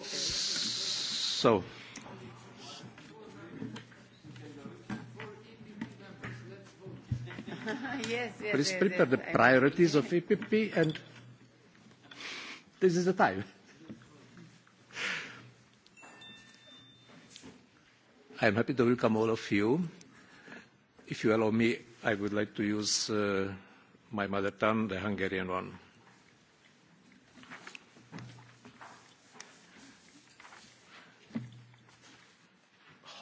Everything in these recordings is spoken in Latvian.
So. yes, yes, Please yes, prepare yes, the priorities of EPP and this is the time. I am happy to welcome all of you. If you allow me, I would like to use uh, my mother tongue, the Hungarian one.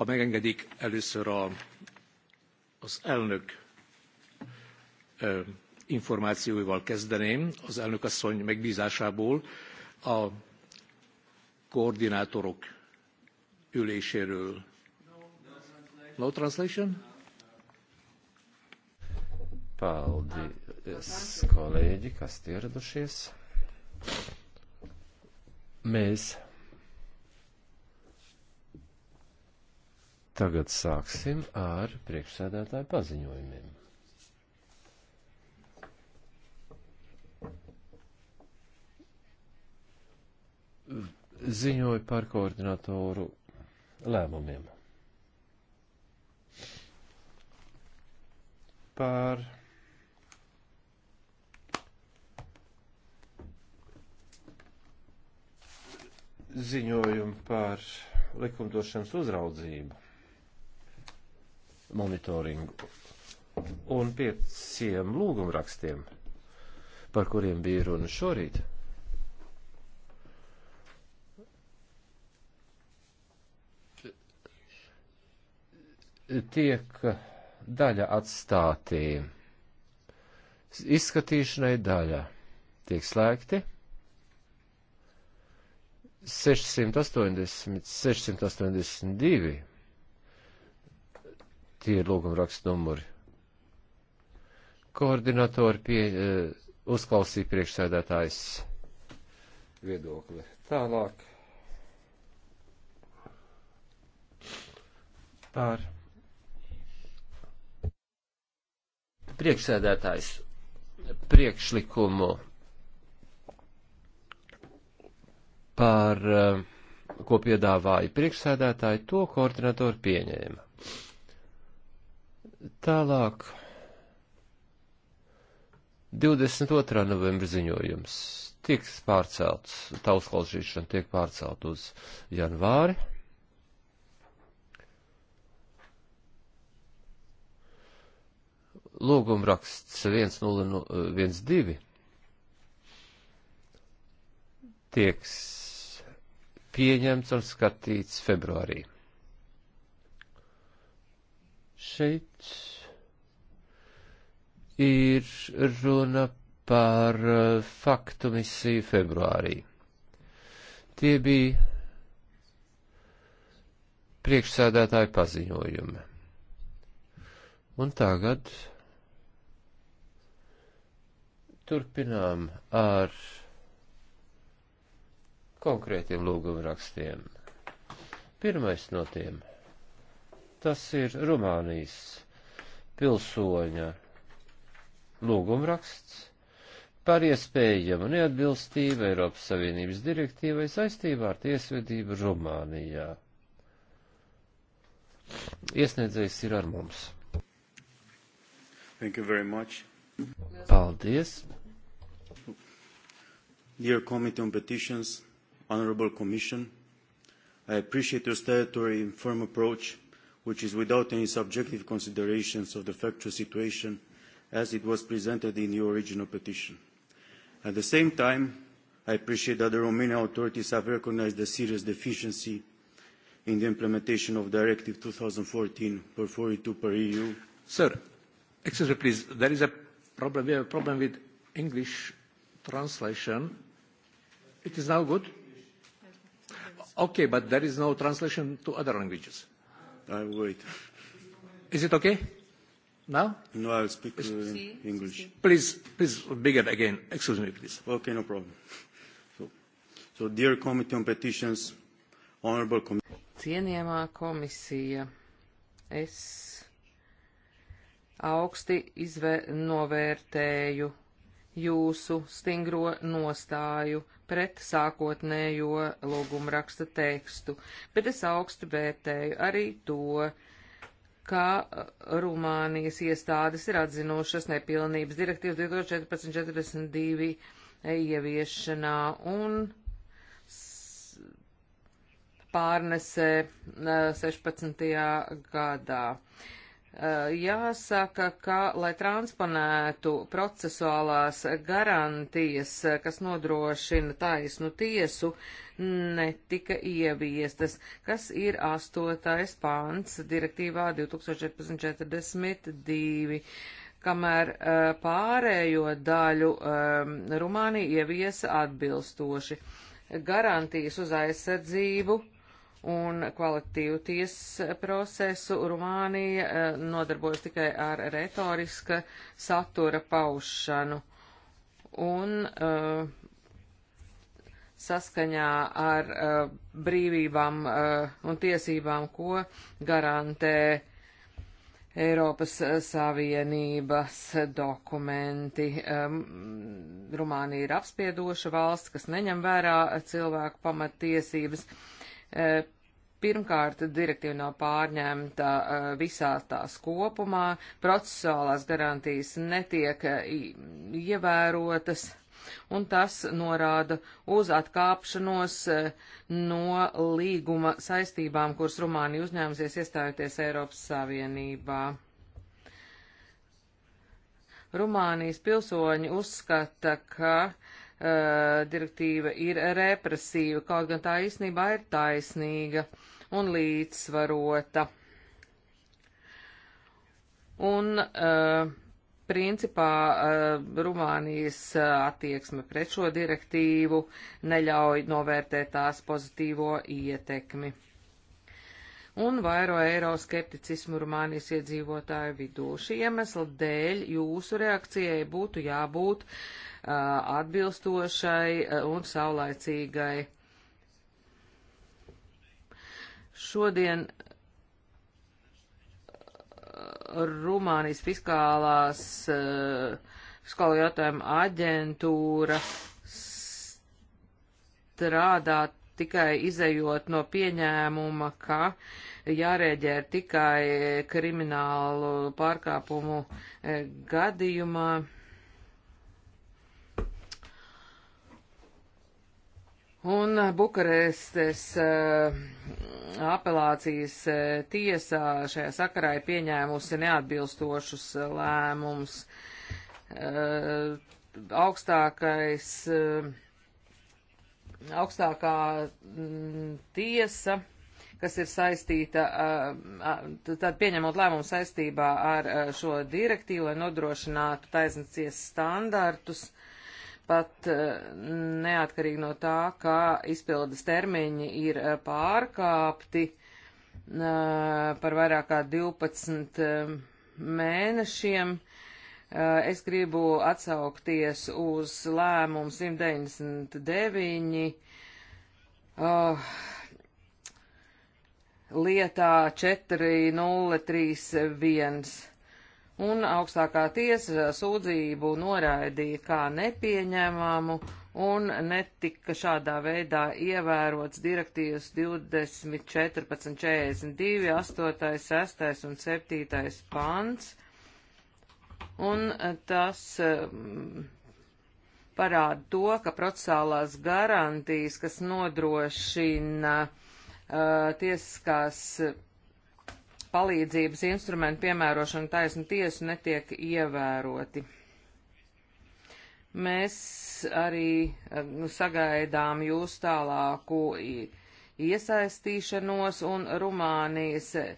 Ha megengedik, először a, az elnök ö, információival kezdeném. Az elnök asszony megbízásából a koordinátorok üléséről. No translation? Paldies, kolēģi, kas ieradušies. Mēs Tagad sāksim ar priekšsēdētāju paziņojumiem. Ziņoju par koordinatoru lēmumiem. Par ziņojumu par likumdošanas uzraudzību monitoringu un pieciem lūgumrakstiem, par kuriem bija runa šorīt. Tiek daļa atstātī. Izskatīšanai daļa tiek slēgti. 680, 682 Tie ir lūguma raksta numuri. Koordinatori pie, eh, uzklausīja priekšsēdētājs viedokli. Tālāk par priekšsēdētājs priekšlikumu par, eh, ko piedāvāja priekšsēdētāji, to koordinatori pieņēma. Tālāk. 22. novembra ziņojums tiek pārcelts, tā uzklausīšana tiek pārcelt uz janvāri. Lūguma raksts 1012 nu, tiek pieņemts un skatīts februārī. Šeit ir runa par uh, faktu misiju februārī. Tie bija priekšsēdētāju paziņojumi. Un tagad turpinām ar konkrētiem lūgumrakstiem. Pirmais no tiem Tas ir Rumānijas pilsoņa lūgumraksts par iespējamu neatbilstību Eiropas Savienības direktīvai saistībā ar tiesvedību Rumānijā. Iesniedzējs ir ar mums. Thank you very much. Paldies. Dear Committee on Petitions, Honorable Commission, I appreciate your statutory and firm approach which is without any subjective considerations of the factual situation as it was presented in the original petition. At the same time, I appreciate that the Romanian authorities have recognized the serious deficiency in the implementation of Directive 2014-42 per EU. E Sir, excuse me please, there is a problem, we have a problem with English translation. It is now good? Okay, but there is no translation to other languages. I'll wait. Is it okay? Now? No, I'll speak uh, si, English. Si, si. Please, please begin again. Excuse me, please. Okay, no problem. So, so dear Committee on Petitions, Honorable Committee. Cienījamā komisija, es augsti izvē, novērtēju jūsu stingro nostāju pret sākotnējo lūguma raksta tekstu, bet es augstu vērtēju arī to, ka uh, Rumānijas iestādes ir atzinušas nepilnības direktīvas 2014-42 eh, ieviešanā un pārnese 16. Eh, gadā. Uh, Eh, jāsaka, ka, lai transponētu procesuālās garantijas, eh, kas nodrošina taisnu tiesu, netika ieviestas, kas ir 8. pāns direktīvā 2014.42 kamēr eh, pārējo daļu ehm, Rumānija ieviesa atbilstoši garantijas uz aizsardzību un kvalitīvu tiesas procesu Rumānija eh, nodarbojas tikai ar retoriska satura paušanu. Un uh, saskaņā ar uh, brīvībām uh, un tiesībām, ko garantē Eiropas Savienības dokumenti. Um, Rumānija ir apspiedoša valsts, kas neņem vērā cilvēku pamatiesības. Uh, E, pirmkārt, direktīva nav pārņemta e, visā tās kopumā, procesuālās garantijas netiek e, ievērotas, un tas norāda uz atkāpšanos no līguma saistībām, kuras Rumānija uzņēmusies iestājoties Eiropas Savienībā. Rumānijas pilsoņi uzskata, ka uh, Eh, direktīva ir represīva, kaut gan tā īstenībā ir taisnīga un līdzsvarota. Un, uh, principā, uh, Rumānijas attieksme pret šo direktīvu neļauj novērtēt tās pozitīvo ietekmi. Un vairo eiroskepticismu Rumānijas iedzīvotāju vidū. Šī iemesla dēļ jūsu reakcijai būtu jābūt uh, atbilstošai un saulaicīgai. Šodien Rumānijas fiskālās fiskālo jautājumu aģentūra strādā tikai izējot no pieņēmuma, ka jārēģē tikai kriminālu pārkāpumu gadījumā. Un Bukarestes eh, apelācijas eh, tiesā šajā sakarā ir pieņēmusi neatbilstošus eh, lēmumus. Augstākais, augstākā mm, tiesa kas ir saistīta, tad pieņemot lēmumu saistībā ar šo direktīvu, lai nodrošinātu taisnīcies standartus, pat eh, neatkarīgi no tā, kā izpildes termiņi ir eh, pārkāpti eh, par vairāk kā 12 mēnešiem. Es gribu atsaukties uz lēmumu 199 lietā 4031 un augstākā tiesa sūdzību noraidīja kā nepieņemamu un netika šādā veidā ievērots direktīvas 2014.42, 8., 6. un 7. pants, un eh, tas mm, parāda to, ka procesālās garantijas, kas nodrošina uh, tiesiskās palīdzības instrumentu piemērošana taisnu tiesu netiek ievēroti. Mēs arī eh, nu, sagaidām jūs tālāku iesaistīšanos un Rumānijas eh,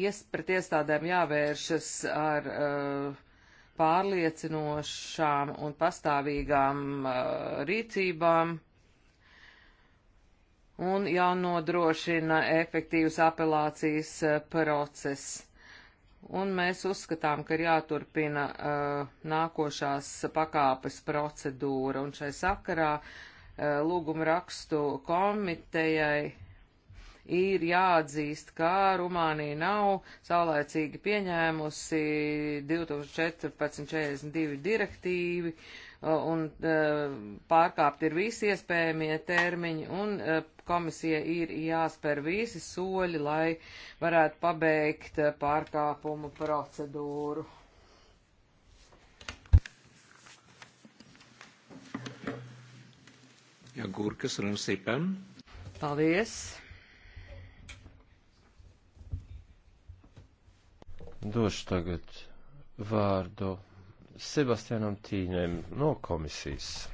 ies pret iestādēm jāvēršas ar uh, pārliecinošām un pastāvīgām uh, rīcībām un jānodrošina efektīvs apelācijas eh, process. Un mēs uzskatām, ka ir jāturpina uh, nākošās pakāpes procedūra, un šai sakarā uh, eh, lūguma rakstu komitejai ir jāatzīst, ka Rumānija nav saulēcīgi pieņēmusi 2014-42 direktīvi, uh, un e, pārkāpt ir visi iespējamie termiņi, un e, komisija ir jāspēr visi soļi, lai varētu pabeigt e, pārkāpumu procedūru. Ja, gurkas, un sīpēm. Paldies! Došu tagad vārdu Sebastianam Tīņiem no komisijas.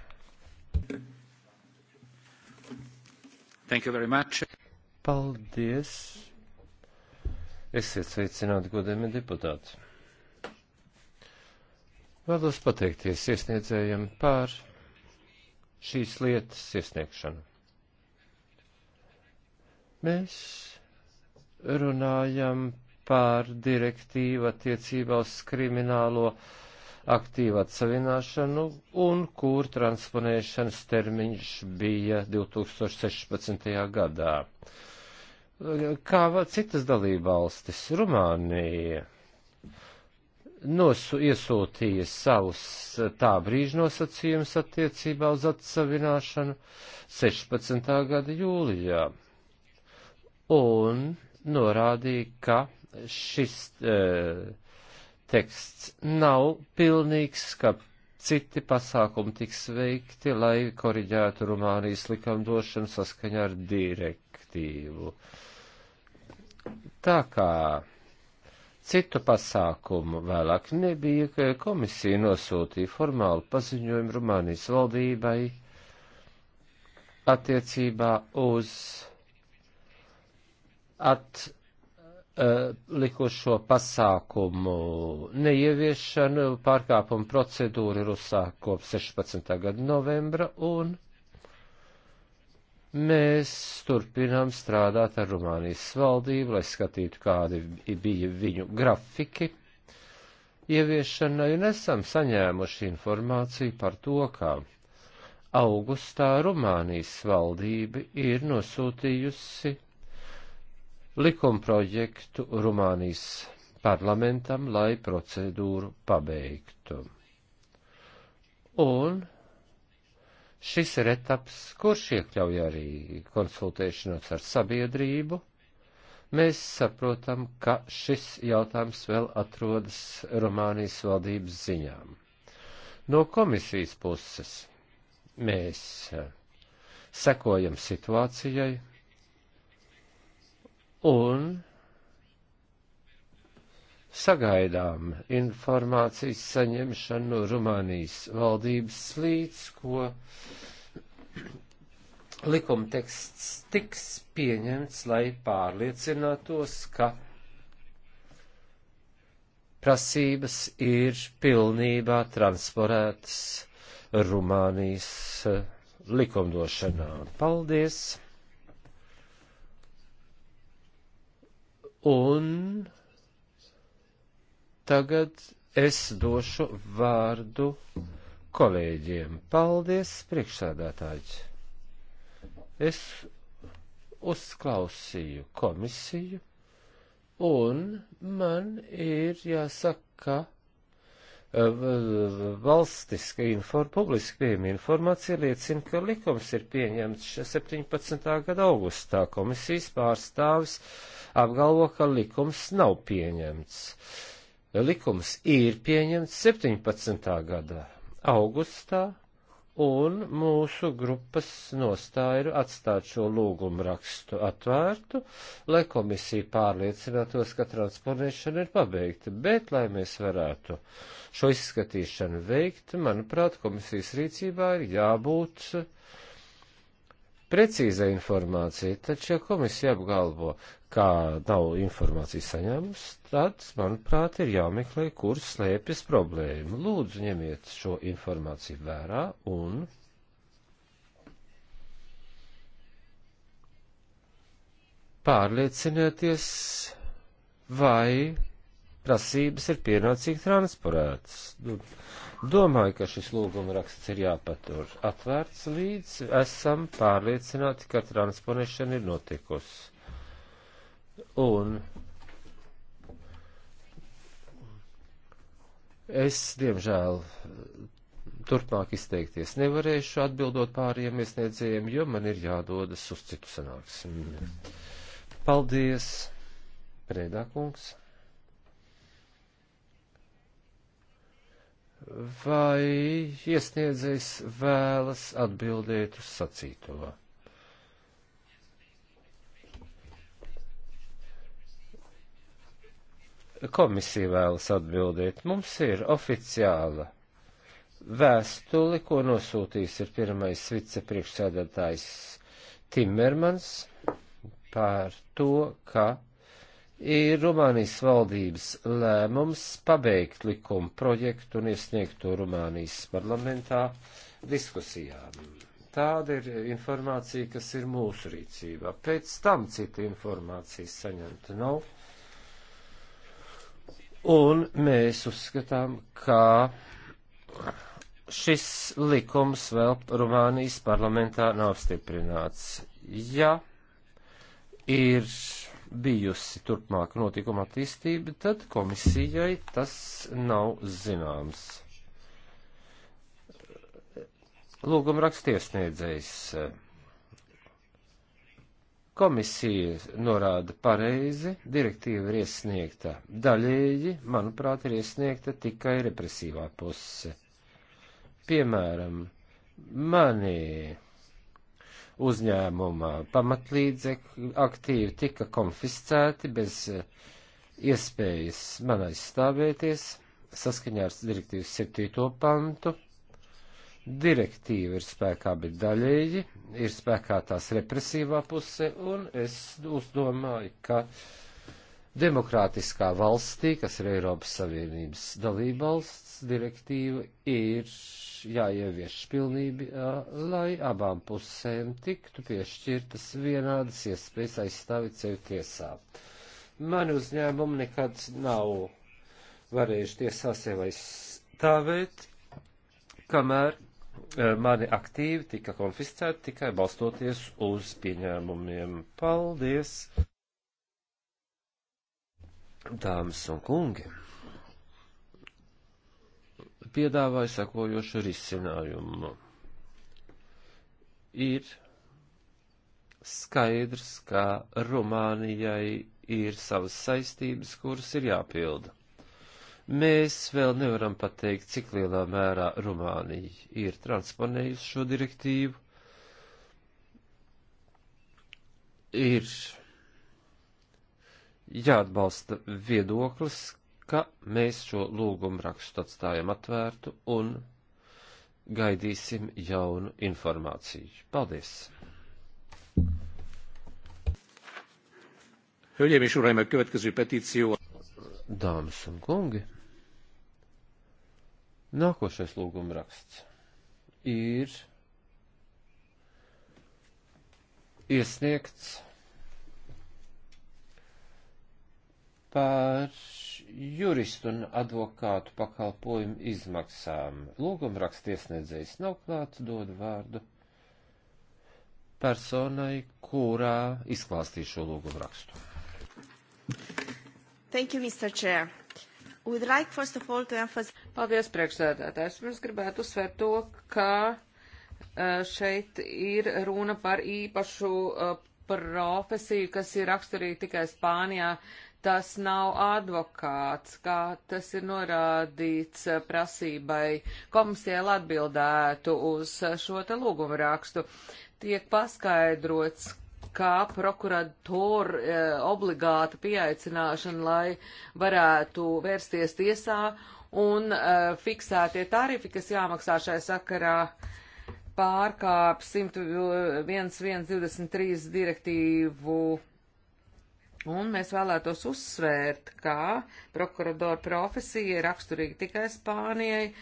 Thank you very much. Paldies. Esiet sveicināti, godējumi deputāti. Vēlos pateikties iesniedzējiem pār šīs lietas iesniegšanu. Mēs runājam pār direktīvu attiecībā uz kriminālo uh, aktīvu atsavināšanu un kur transponēšanas termiņš bija 2016. gadā. Kā citas dalībvalstis, Rumānija nosu, iesūtīja savus tā brīža nosacījumus attiecībā uz atsavināšanu 16. gada jūlijā un norādīja, ka šis e, teksts nav pilnīgs, ka citi pasākumi tiks veikti, lai koriģētu Rumānijas likumdošanu saskaņā ar direktīvu. Tā kā citu pasākumu vēlāk nebija, ka komisija nosūtīja formālu paziņojumu Rumānijas valdībai attiecībā uz at Eh, likušo pasākumu neieviešanu, pārkāpuma procedūra ir uzsākta kopš 16. gada novembra, un mēs turpinām strādāt ar Rumānijas valdību, lai skatītu, kādi bija viņu grafiki ieviešanai, un esam saņēmuši informāciju par to, ka augustā Rumānijas valdība ir nosūtījusi likumprojektu Rumānijas parlamentam, lai procedūru pabeigtu. Un šis ir etaps, kurš iekļauj arī konsultēšanos ar sabiedrību. Mēs saprotam, ka šis jautājums vēl atrodas Rumānijas valdības ziņām. No komisijas puses mēs sekojam situācijai, un sagaidām informācijas saņemšanu no Rumānijas valdības līdz, ko likumteksts tiks pieņemts, lai pārliecinātos, ka prasības ir pilnībā transforētas Rumānijas likumdošanā. Paldies! Un tagad es došu vārdu kolēģiem. Paldies, priekšsādātāji! Es uzklausīju komisiju, un man ir jāsaka, Eh, valstiska inform, publiski pieejama informācija liecina, ka likums ir pieņemts 17. gada augustā. Komisijas pārstāvis apgalvo, ka likums nav pieņemts. Likums ir pieņemts 17. gada augustā, un mūsu grupas nostāja ir atstāt šo lūgumu rakstu atvērtu, lai komisija pārliecinātos, ka transponēšana ir pabeigta, bet, lai mēs varētu šo izskatīšanu veikt, manuprāt, komisijas rīcībā ir jābūt uh, precīza informācija, taču, ja komisija apgalvo, ka nav informācijas saņēmus, tad, manuprāt, ir jāmeklē, kur slēpjas problēma. Lūdzu, ņemiet šo informāciju vērā un. Pārliecinieties, vai prasības ir pienācīgi transportētas. Domāju, ka šis lūguma raksts ir jāpatur atvērts līdz esam pārliecināti, ka transponēšana ir notikusi. Un es, diemžēl, turpmāk izteikties nevarēšu atbildot pāriem iesniedzējiem, jo man ir jādodas uz citu sanāksmi. Paldies, Prēdā kungs! vai iesniedzējs vēlas atbildēt uz sacīto. Komisija vēlas atbildēt. Mums ir oficiāla vēstuli, ko nosūtījis ir pirmais vicepriekšsēdētājs Timermans par to, ka ir Rumānijas valdības lēmums pabeigt likumu projektu un iesniegt to Rumānijas parlamentā diskusijām. Tāda ir informācija, kas ir mūsu rīcībā. Pēc tam cita informācija saņemta nav. Un mēs uzskatām, ka šis likums vēl Rumānijas parlamentā nav apstiprināts. Ja ir bijusi turpmāka notikuma attīstība, tad komisijai tas nav zināms. Lūguma rakstiesniedzējs. Komisija norāda pareizi, direktīva ir iesniegta daļēji, manuprāt, ir iesniegta tikai represīvā puse. Piemēram, mani uzņēmuma pamatlīdzekļi aktīvi tika konfiscēti bez eh, iespējas man aizstāvēties saskaņā ar direktīvas 7. pantu. Direktīva ir spēkā, bet daļēji ir spēkā tās represīvā puse, un es uzdomāju, ka uh, Demokrātiskā valstī, kas ir Eiropas Savienības dalībvalsts, direktīva ir jāievieš pilnībā, uh, lai abām pusēm tiktu piešķirtas vienādas iespējas aizstāvīt sevi tiesā. Mani uzņēmumi nekad nav varējuši tiesā sev aizstāvēt, kamēr uh, mani aktīvi tika konfiscēti tikai balstoties uz pieņēmumiem. Paldies! dāmas un kungi, piedāvāja sakojošu risinājumu. Ir skaidrs, ka Rumānijai ir savas saistības, kuras ir jāpilda. Mēs vēl nevaram pateikt, cik lielā mērā Rumānija ir transponējusi šo direktīvu. Ir jāatbalsta viedoklis, ka mēs šo lūgumu rakstu atstājam atvērtu un gaidīsim jaunu informāciju. Paldies! Hölgyeim és uraim, a következő petíció. Dāmas un kungi, nākošais lūgumraksts ir iesniegts par juristu un advokātu pakalpojumu izmaksām. Lūguma rakstiesniedzējs nav klāts, dod vārdu personai, kurā izklāstīja šo lūgumu rakstu. Thank you, Mr. Chair. We'd like first of all to emphasize... Paldies, priekšsēdētājs. Mēs gribētu uzsvērt to, ka šeit ir runa par īpašu profesiju, kas ir raksturīga tikai Spānijā, tas nav advokāts, kā tas ir norādīts eh, prasībai komisijai atbildētu uz eh, šo te lūgumu rakstu. Tiek paskaidrots, kā prokuratūra e, obligāta pieaicināšana, lai varētu vērsties tiesā un e, fiksētie tarifi, kas jāmaksā šai sakarā pārkāp 101.123 direktīvu Un mēs vēlētos uzsvērt, ka prokuradora profesija ir raksturīga tikai Spānijai,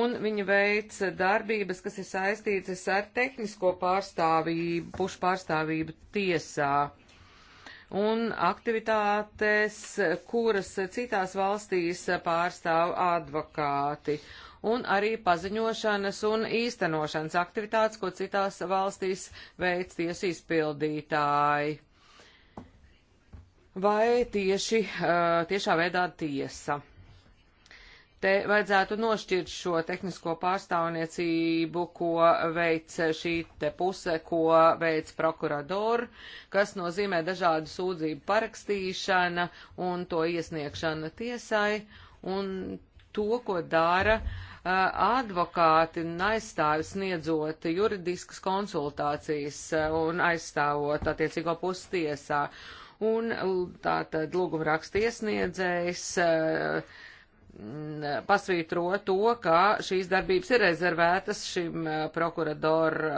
un viņa veic darbības, kas ir saistītas ar tehnisko pārstāvību, pušu pārstāvību tiesā. Un aktivitātes, kuras citās valstīs pārstāv advokāti. Un arī paziņošanas un īstenošanas aktivitātes, ko citās valstīs veic tiesu izpildītāji vai tieši tiešā veidā tiesa. Te vajadzētu nošķirt šo tehnisko pārstāvniecību, ko veic šī te puse, ko veic prokurador, kas nozīmē dažādu sūdzību parakstīšana un to iesniegšana tiesai, un to, ko dara uh, advokāti un aizstāvi sniedzot juridiskas konsultācijas un aizstāvot attiecīgo pusi tiesā. Uh, un tātad lūguma raksta iesniedzējs eh, pasvītro to, ka šīs darbības ir rezervētas šim eh, prokuradoru.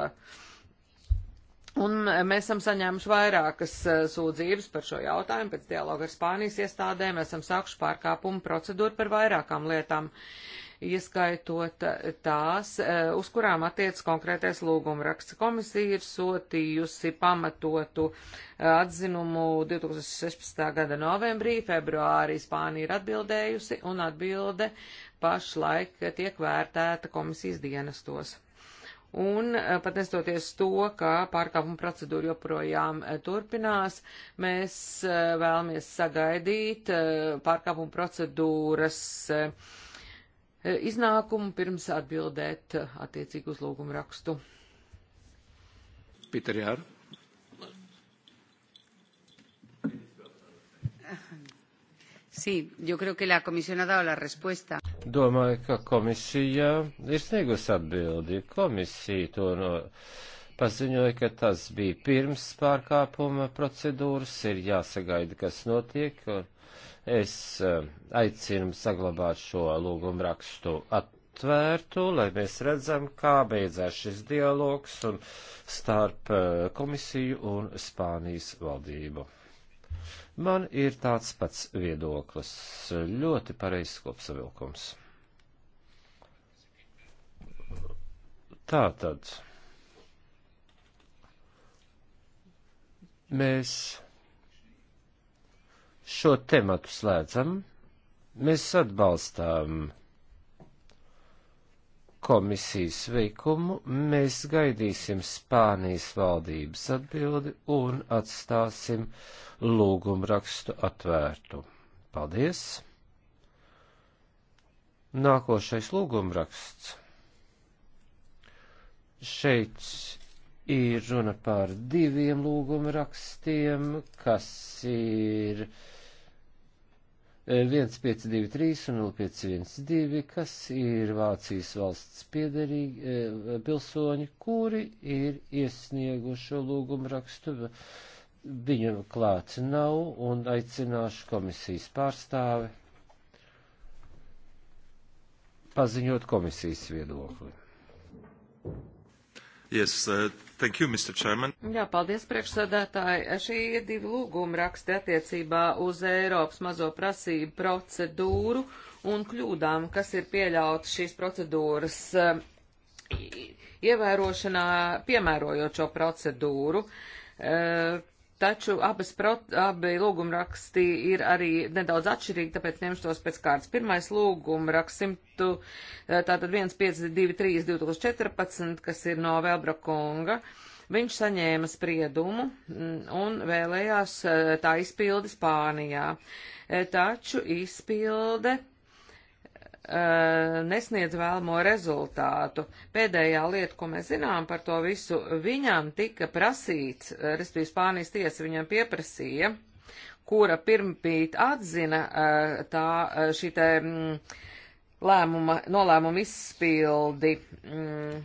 Un mēs esam saņēmuši vairākas eh, sūdzības par šo jautājumu pēc dialoga ar Spānijas iestādēm. Mēs esam sākuši pārkāpumu procedūru par vairākām lietām. Uh, ieskaitot eh, tās, eh, uz kurām attiec konkrētais lūgumraksts. Komisija ir sotījusi pamatotu eh, atzinumu 2016. gada novembrī, februārī Spānija ir atbildējusi, un atbilde pašlaik tiek vērtēta komisijas dienestos. Un pat nestoties to, ka pārkāpuma procedūra joprojām turpinās, mēs vēlamies sagaidīt pārkāpuma procedūras uh, Eh, iznākumu pirms atbildēt eh, attiecīgu uzlūgumu rakstu. Pīter Jār. Sí, yo creo que la comisión ha dado la respuesta. Domāju, ka komisija ir sniegusi atbildi. Komisija to no, paziņoja, ka tas bija pirms pārkāpuma procedūras, ir jāsagaida, kas notiek. Un, uh, Es eh, aicinu saglabāt šo lūgumu rakstu atvērtu, lai mēs redzam, kā beidzās šis dialogs un starp eh, komisiju un Spānijas valdību. Man ir tāds pats viedoklis, ļoti pareizs kopsavilkums. Tātad. mēs šo tematu slēdzam. Mēs atbalstām komisijas veikumu, mēs gaidīsim Spānijas valdības atbildi un atstāsim lūgumu rakstu atvērtu. Paldies! Nākošais lūgumraksts. Šeit ir runa par diviem lūgumrakstiem, kas ir uh, 1523 un 0512, kas ir Vācijas valsts piederīgi e, pilsoņi, kuri ir iesniegušo lūgumu rakstu. Viņu klāt nav un aicināšu komisijas pārstāvi paziņot komisijas viedokli. Yes, uh, thank you, Mr. Chairman. Jā, paldies, priekšsēdētāji. Šī ir divi lūgumi raksti attiecībā uz Eiropas mazo prasību procedūru un kļūdām, kas ir pieļautas šīs procedūras um, ievērošanā, piemērojot šo procedūru. Uh, Taču abas prot, abi lūgumraksti ir arī nedaudz atšķirīgi, tāpēc ņemšu tos pēc kārtas. Pirmais lūgumraksts 100, eh, tātad 1523 2014, kas ir no Velbra kunga. Viņš saņēma spriedumu mm, un vēlējās eh, tā izpildi Spānijā. Eh, taču izpilde Uh, nesniedz vēlamo rezultātu. Pēdējā lieta, ko mēs zinām par to visu, viņam tika prasīts, uh, respektīvi Spānijas tiesa viņam pieprasīja, kura pirmpīt atzina uh, tā šī te mm, lēmuma, nolēmuma izpildi mm,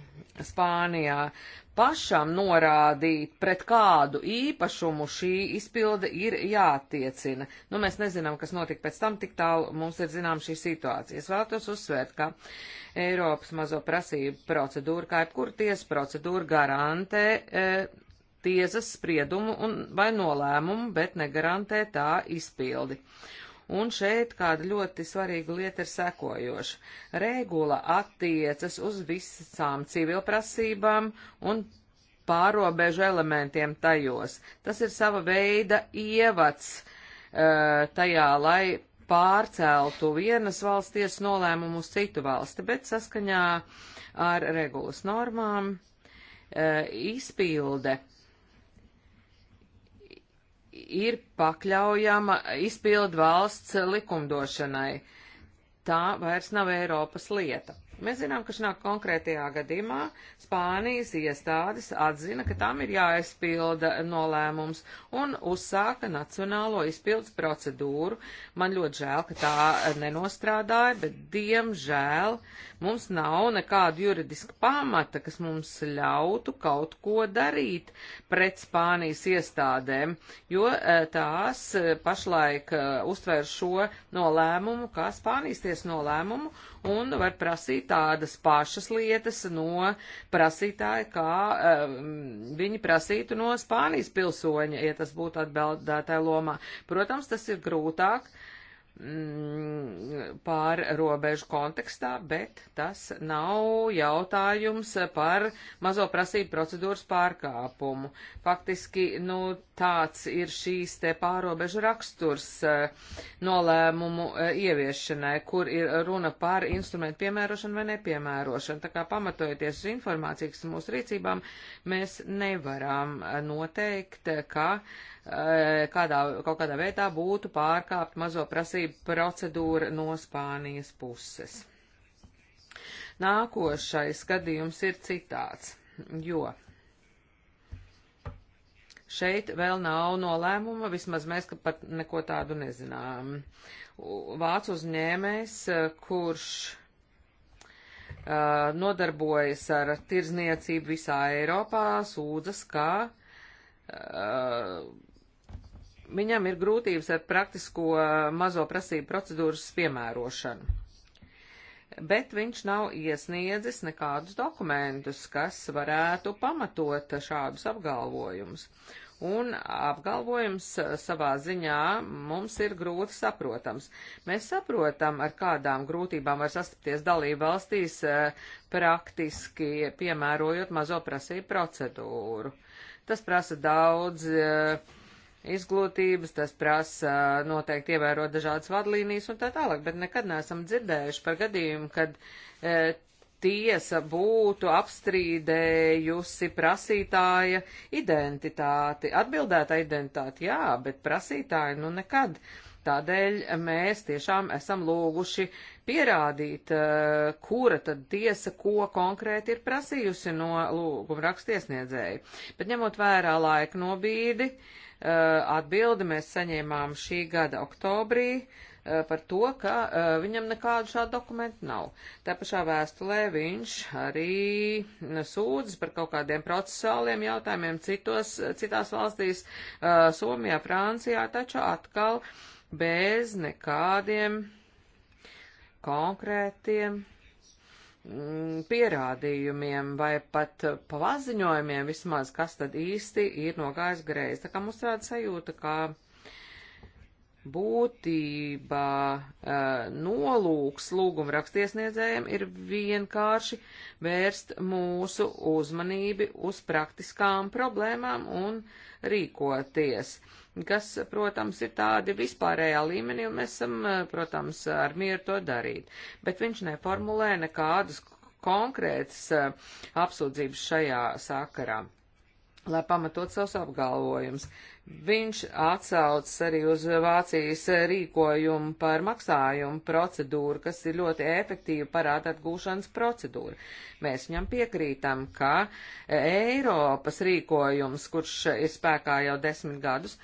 Spānijā, pašam norādīt, pret kādu īpašumu šī izpilde ir jātiecina. Nu, mēs nezinām, kas notika pēc tam, tik tālu mums ir zinām šī situācija. Es vēlētos uzsvērt, ka Eiropas mazo prasību procedūra, kā jebkura tiesa procedūra, garantē e, tiesas spriedumu un, vai nolēmumu, bet negarantē tā izpildi. E, Un šeit kāda ļoti svarīga lieta ir sekojoša. Regula attiecas uz visām civilprasībām un pārobežu elementiem tajos. Tas ir sava veida ievads uh, tajā, lai pārceltu vienas valsts tiesas nolēmumu uz citu valsti, bet saskaņā ar regulas normām uh, izpilde ir pakļaujama izpildu valsts likumdošanai. Tā vairs nav Eiropas lieta. Mēs zinām, ka šajā konkrētajā gadījumā Spānijas iestādes atzina, ka tam ir jāizpilda nolēmums un uzsāka nacionālo izpildes procedūru. Man ļoti žēl, ka tā nenostrādāja, bet diemžēl mums nav nekādu juridisku pamata, kas mums ļautu kaut ko darīt pret Spānijas iestādēm, jo e, tās e, pašlaik e, uztver šo nolēmumu kā Spānijas tiesu nolēmumu un var prasīt tādas pašas lietas no prasītāja, kā um, viņi prasītu no Spānijas pilsoņa, ja tas būtu atbildētāja lomā. Protams, tas ir grūtāk, uh, Mm, pārrobežu kontekstā, bet tas nav jautājums par mazo prasību procedūras pārkāpumu. Faktiski, nu, tāds ir šīs te pārrobežu raksturs eh, nolēmumu eh, ieviešanai, kur ir runa par instrumentu piemērošanu vai nepiemērošanu. Tā kā pamatojoties uz informāciju, kas mūsu rīcībām, mēs nevaram eh, noteikt, ka uh, Eh, kādā, kaut kādā veidā būtu pārkāpt mazo prasību procedūra no Spānijas puses. Nākošais gadījums ir citāds, jo šeit vēl nav nolēmuma, vismaz mēs pat neko tādu nezinām. Vācu uzņēmējs, kurš uh, nodarbojas ar tirzniecību visā Eiropā, sūdzas, ka uh, viņam ir grūtības ar praktisko eh, mazo prasību procedūras piemērošanu. Bet viņš nav iesniedzis nekādus dokumentus, kas varētu pamatot šādus apgalvojumus. Un apgalvojums eh, savā ziņā mums ir grūti saprotams. Mēs saprotam, ar kādām grūtībām var sastapties dalību valstīs eh, praktiski piemērojot mazo prasību procedūru. Tas prasa daudz uh, izglītības, tas prasa noteikti ievērot dažādas vadlīnijas un tā tālāk, bet nekad neesam dzirdējuši par gadījumu, kad e, tiesa būtu apstrīdējusi prasītāja identitāti, atbildētā identitāti, jā, bet prasītāja nu nekad. Tādēļ mēs tiešām esam lūguši pierādīt, e, kura tad tiesa ko konkrēti ir prasījusi no lūguma rakstiesniedzēja. Bet ņemot vērā laika nobīdi, uh, Eh, atbildi mēs saņēmām šī gada oktobrī eh, par to, ka eh, viņam nekādu šādu dokumentu nav. Tā pašā vēstulē viņš arī sūdzas par kaut kādiem procesuāliem jautājumiem citos, citās valstīs, Somijā, Francijā, taču atkal bez nekādiem konkrētiem Mm, pierādījumiem vai pat pavaziņojumiem vismaz, kas tad īsti ir nogājis greizi. Tā kā mums tāda sajūta, ka būtībā e, nolūks lūguma rakstiesniedzējiem ir vienkārši vērst mūsu uzmanību uz praktiskām problēmām un rīkoties kas, protams, ir tādi vispārējā līmenī, un mēs esam, eh, protams, ar mieru to darīt. Bet viņš neformulē nekādas konkrētas eh, apsūdzības šajā sakarā, lai pamatot savus apgalvojumus. Viņš atsaucas arī uz Vācijas rīkojumu par maksājumu procedūru, kas ir ļoti efektīva parāda atgūšanas procedūra. Mēs viņam piekrītam, ka Eiropas rīkojums, kurš ir spēkā jau desmit gadus,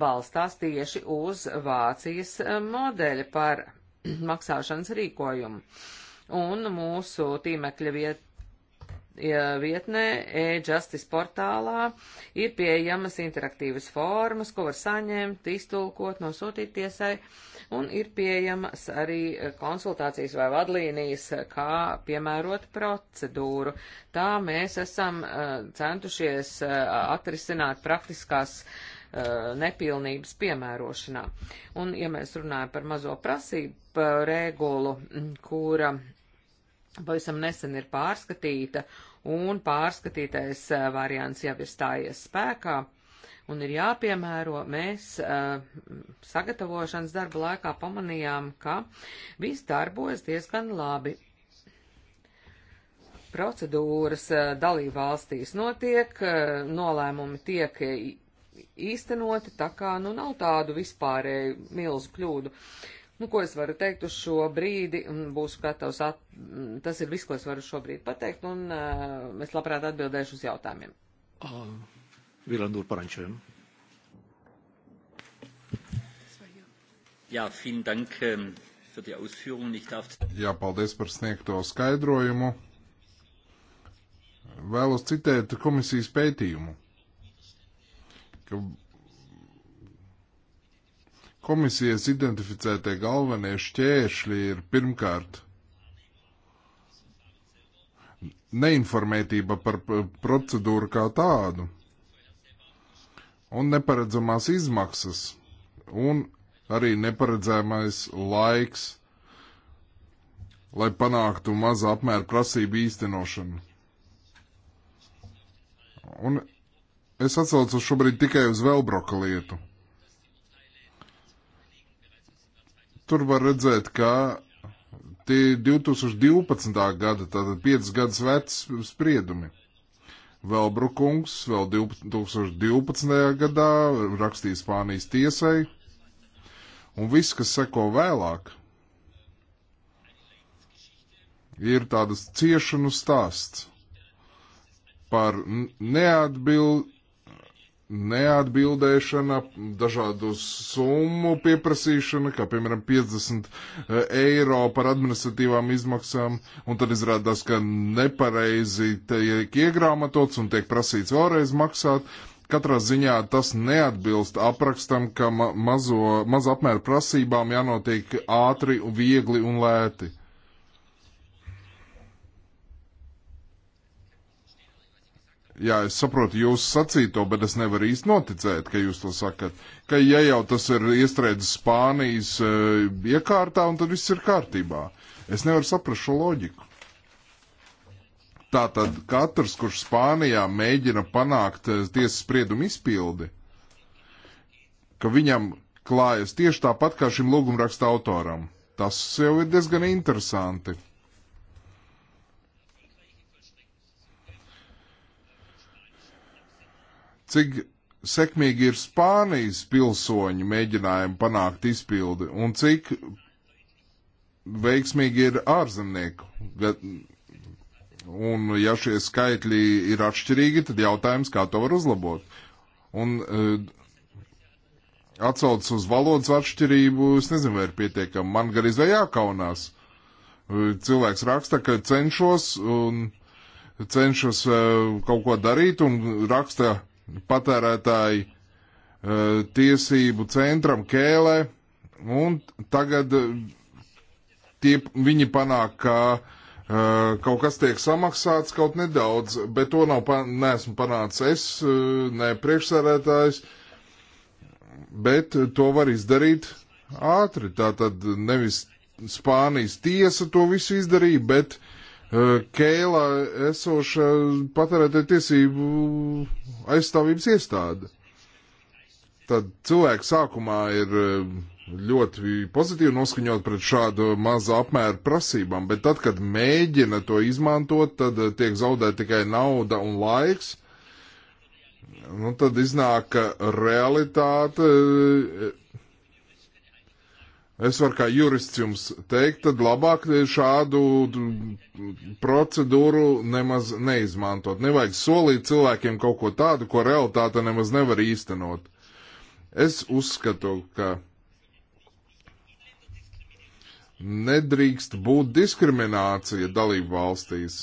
balstās tieši uz Vācijas eh, modeļa par maksāšanas rīkojumu. Un mūsu tīmekļa viet, vietnē, e-justice portālā, ir pieejamas interaktīvas formas, ko var saņemt, iztulkot, nosūtīt tiesai, un ir pieejamas arī konsultācijas vai vadlīnijas, kā piemērot procedūru. Tā mēs esam eh, centušies eh, atrisināt praktiskās uh, Eh, nepilnības piemērošanā. Un, ja mēs runājam par mazo prasību eh, regulu, mm, kura pavisam nesen ir pārskatīta, un pārskatītais eh, variants jau ir stājies spēkā, un ir jāpiemēro, mēs uh, sagatavošanas darba laikā pamanījām, ka viss darbojas diezgan labi. Procedūras uh, dalībvalstīs notiek, uh, nolēmumi tiek īstenoti, tā kā nu nav tādu vispārēju milzu kļūdu. Nu, ko es varu teikt uz šo brīdi, un būšu gatavs, at... tas ir viss, ko es varu šobrīd pateikt, un uh, es labprāt atbildēšu uz jautājumiem. Uh, Vilandur Parančevim. Jā, vielen dank ähm, für die Ausführungen. Ich darf... Jā, paldies par sniegto skaidrojumu. Vēlos citēt komisijas pētījumu ka komisijas identificētie galvenie šķēršļi ir pirmkārt neinformētība par procedūru kā tādu un neparedzamās izmaksas un arī neparedzēmais laiks, lai panāktu maza apmēra prasību īstenošanu. Un Es atsaucos šobrīd tikai uz Velbroka lietu. Tur var redzēt, ka tie 2012. gada, tātad 5 gadus vecs spriedumi. Velbrukungs vēl 2012. gadā rakstīja Spānijas tiesai, un viss, kas seko vēlāk, ir tādas ciešanu stāsts par neatbil, neatbildēšana, dažādu summu pieprasīšana, kā piemēram 50 e, eiro par administratīvām izmaksām, un tad izrādās, ka nepareizi tiek iegrāmatots un tiek prasīts vēlreiz maksāt. Katrā ziņā tas neatbilst aprakstam, ka mazo, mazo apmēru prasībām jānotiek ātri, viegli un lēti. Jā, es saprotu jūsu sacīto, bet es nevaru īsti noticēt, ka jūs to sakat. Ka ja jau tas ir iestrēdzis Spānijas uh, iekārtā, un tad viss ir kārtībā. Es nevaru saprast šo loģiku. Tātad katrs, kurš Spānijā mēģina panākt uh, tiesas spriedumu izpildi, ka viņam klājas tieši tāpat kā šim lūgumraksta autoram. Tas jau ir diezgan interesanti. cik sekmīgi ir Spānijas pilsoņi mēģinājumi panākt izpildi un cik veiksmīgi ir ārzemnieku. Un ja šie skaitļi ir atšķirīgi, tad jautājums, kā to var uzlabot. Un eh, atsaucas uz valodas atšķirību, es nezinu, vai ir pietiekami. Man gan izvēj jākaunās. Eh, cilvēks raksta, ka cenšos un cenšos eh, kaut ko darīt un raksta patērētāji eh, tiesību centram Kēlē, un tagad eh, tie, viņi panāk, ka uh, kaut kas tiek samaksāts kaut nedaudz, bet to nav, pan, neesmu panācis es, ne priekšsēdētājs, bet to var izdarīt ātri. Tā tad nevis Spānijas tiesa to visu izdarīja, bet uh, Keila esoša patērētāja tiesību aizstāvības iestāde. Tad cilvēks sākumā ir eh, ļoti pozitīvi noskaņot pret šādu mazu apmēru prasībām, bet tad, kad mēģina to izmantot, tad eh, tiek zaudēta tikai nauda un laiks. Nu, tad iznāk, ka realitāte eh, Es varu kā jurists jums teikt, tad labāk šādu procedūru nemaz neizmantot. Nevajag solīt cilvēkiem kaut ko tādu, ko realitāte nemaz nevar īstenot. Es uzskatu, ka nedrīkst būt diskriminācija dalību valstīs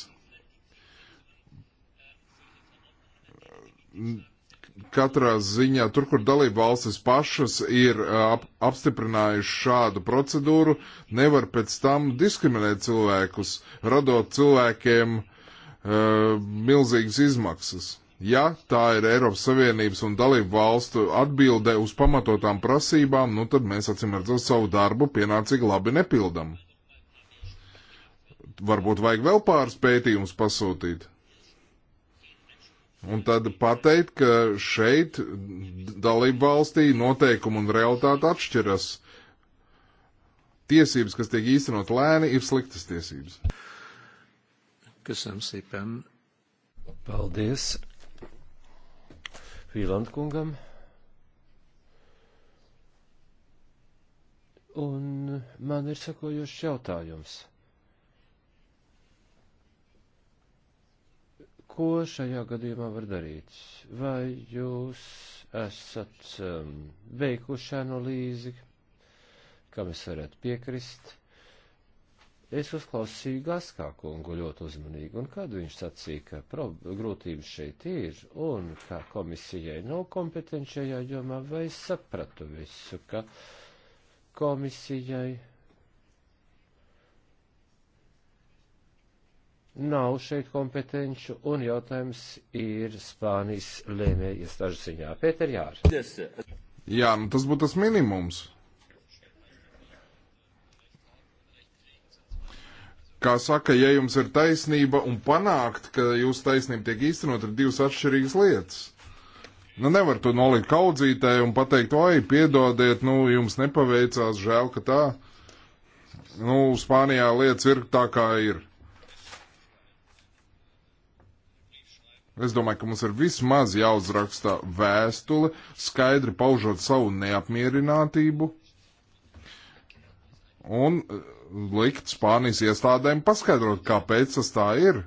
katrā ziņā, tur, kur dalība valstis pašas ir ap, apstiprinājuši šādu procedūru, nevar pēc tam diskriminēt cilvēkus, radot cilvēkiem uh, milzīgas izmaksas. Ja tā ir Eiropas Savienības un dalību valstu atbilde uz pamatotām prasībām, nu tad mēs acīm redzot savu darbu pienācīgi labi nepildam. Varbūt vajag vēl pāris pētījumus pasūtīt. Un tad pateikt, ka šeit dalību valstī noteikumi un realitāte atšķiras. Tiesības, kas tiek īstenot lēni, ir sliktas tiesības. Köszönöm szépen. Paldies. Vīland kungam. Un man ir sakojošs jautājums. ko šajā gadījumā var darīt? Vai jūs esat um, veikuši analīzi, kam es varētu piekrist? Es uzklausīju Gaskā kungu ļoti uzmanīgi, un kad viņš sacīja, ka prob, grūtības šeit ir, un ka komisijai nav kompetenci šajā jomā, vai sapratu visu, ka komisijai nav šeit kompetenču, un jautājums ir Spānijas lēmēja iestāžu ziņā. Pēter Jārs. Jā, nu tas būtu tas minimums. Kā saka, ja jums ir taisnība un panākt, ka jūsu taisnība tiek īstenot, ir divas atšķirīgas lietas. Nu, nevar to nolikt kaudzītē un pateikt, oi, piedodiet, nu, jums nepaveicās, žēl, ka tā. Nu, Spānijā lietas ir tā, kā ir. Es domāju, ka mums ir vismaz jāuzraksta vēstule, skaidri paužot savu neapmierinātību un eh, likt Spānijas iestādēm paskaidrot, kāpēc tas tā ir.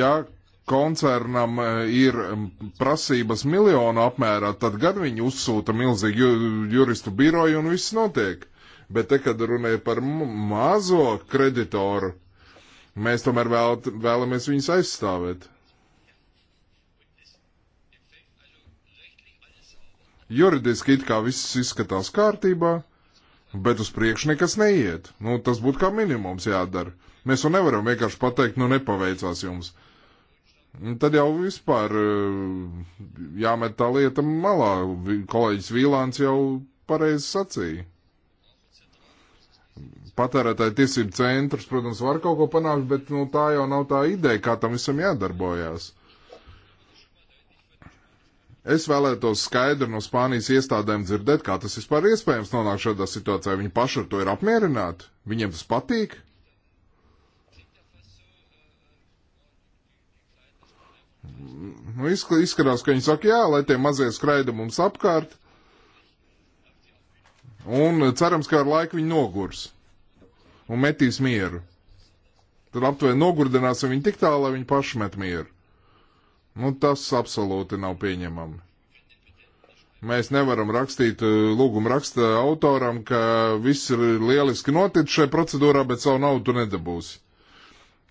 Ja koncernam eh, ir prasības miljonu apmērā, tad gan viņi uzsūta milzīgi ju, juristu biroju un viss notiek. Bet te, kad runa ir par mazo kreditoru, Mēs tomēr vēl, vēlamies viņus aizstāvēt. Juridiski it kā viss izskatās kārtībā, bet uz priekšu nekas neiet. Nu, tas būtu kā minimums jādara. Mēs to nevaram vienkārši pateikt, nu nepaveicās jums. Tad jau vispār eh, jāmet tā lieta malā. Kolēģis Vīlāns jau pareizi sacīja patērētāju tiesību centrs, protams, var kaut ko panākt, bet nu, tā jau nav tā ideja, kā tam visam jādarbojās. Es vēlētos skaidri no Spānijas iestādēm dzirdēt, kā tas vispār iespējams nonāk šādā situācijā. Viņi paši ar to ir apmierināti, viņiem tas patīk. Nu, izskatās, ka viņi saka, jā, lai tie mazie skraida mums apkārt. Un cerams, ka ar laiku viņi nogurs un metīs mieru. Tad aptuveni nogurdināsim viņu tik tālu, lai viņi paši met mieru. Nu, tas absolūti nav pieņemami. Mēs nevaram rakstīt eh, lūgumu raksta autoram, ka viss ir lieliski noticis šajā procedūrā, bet savu naudu nedabūsi.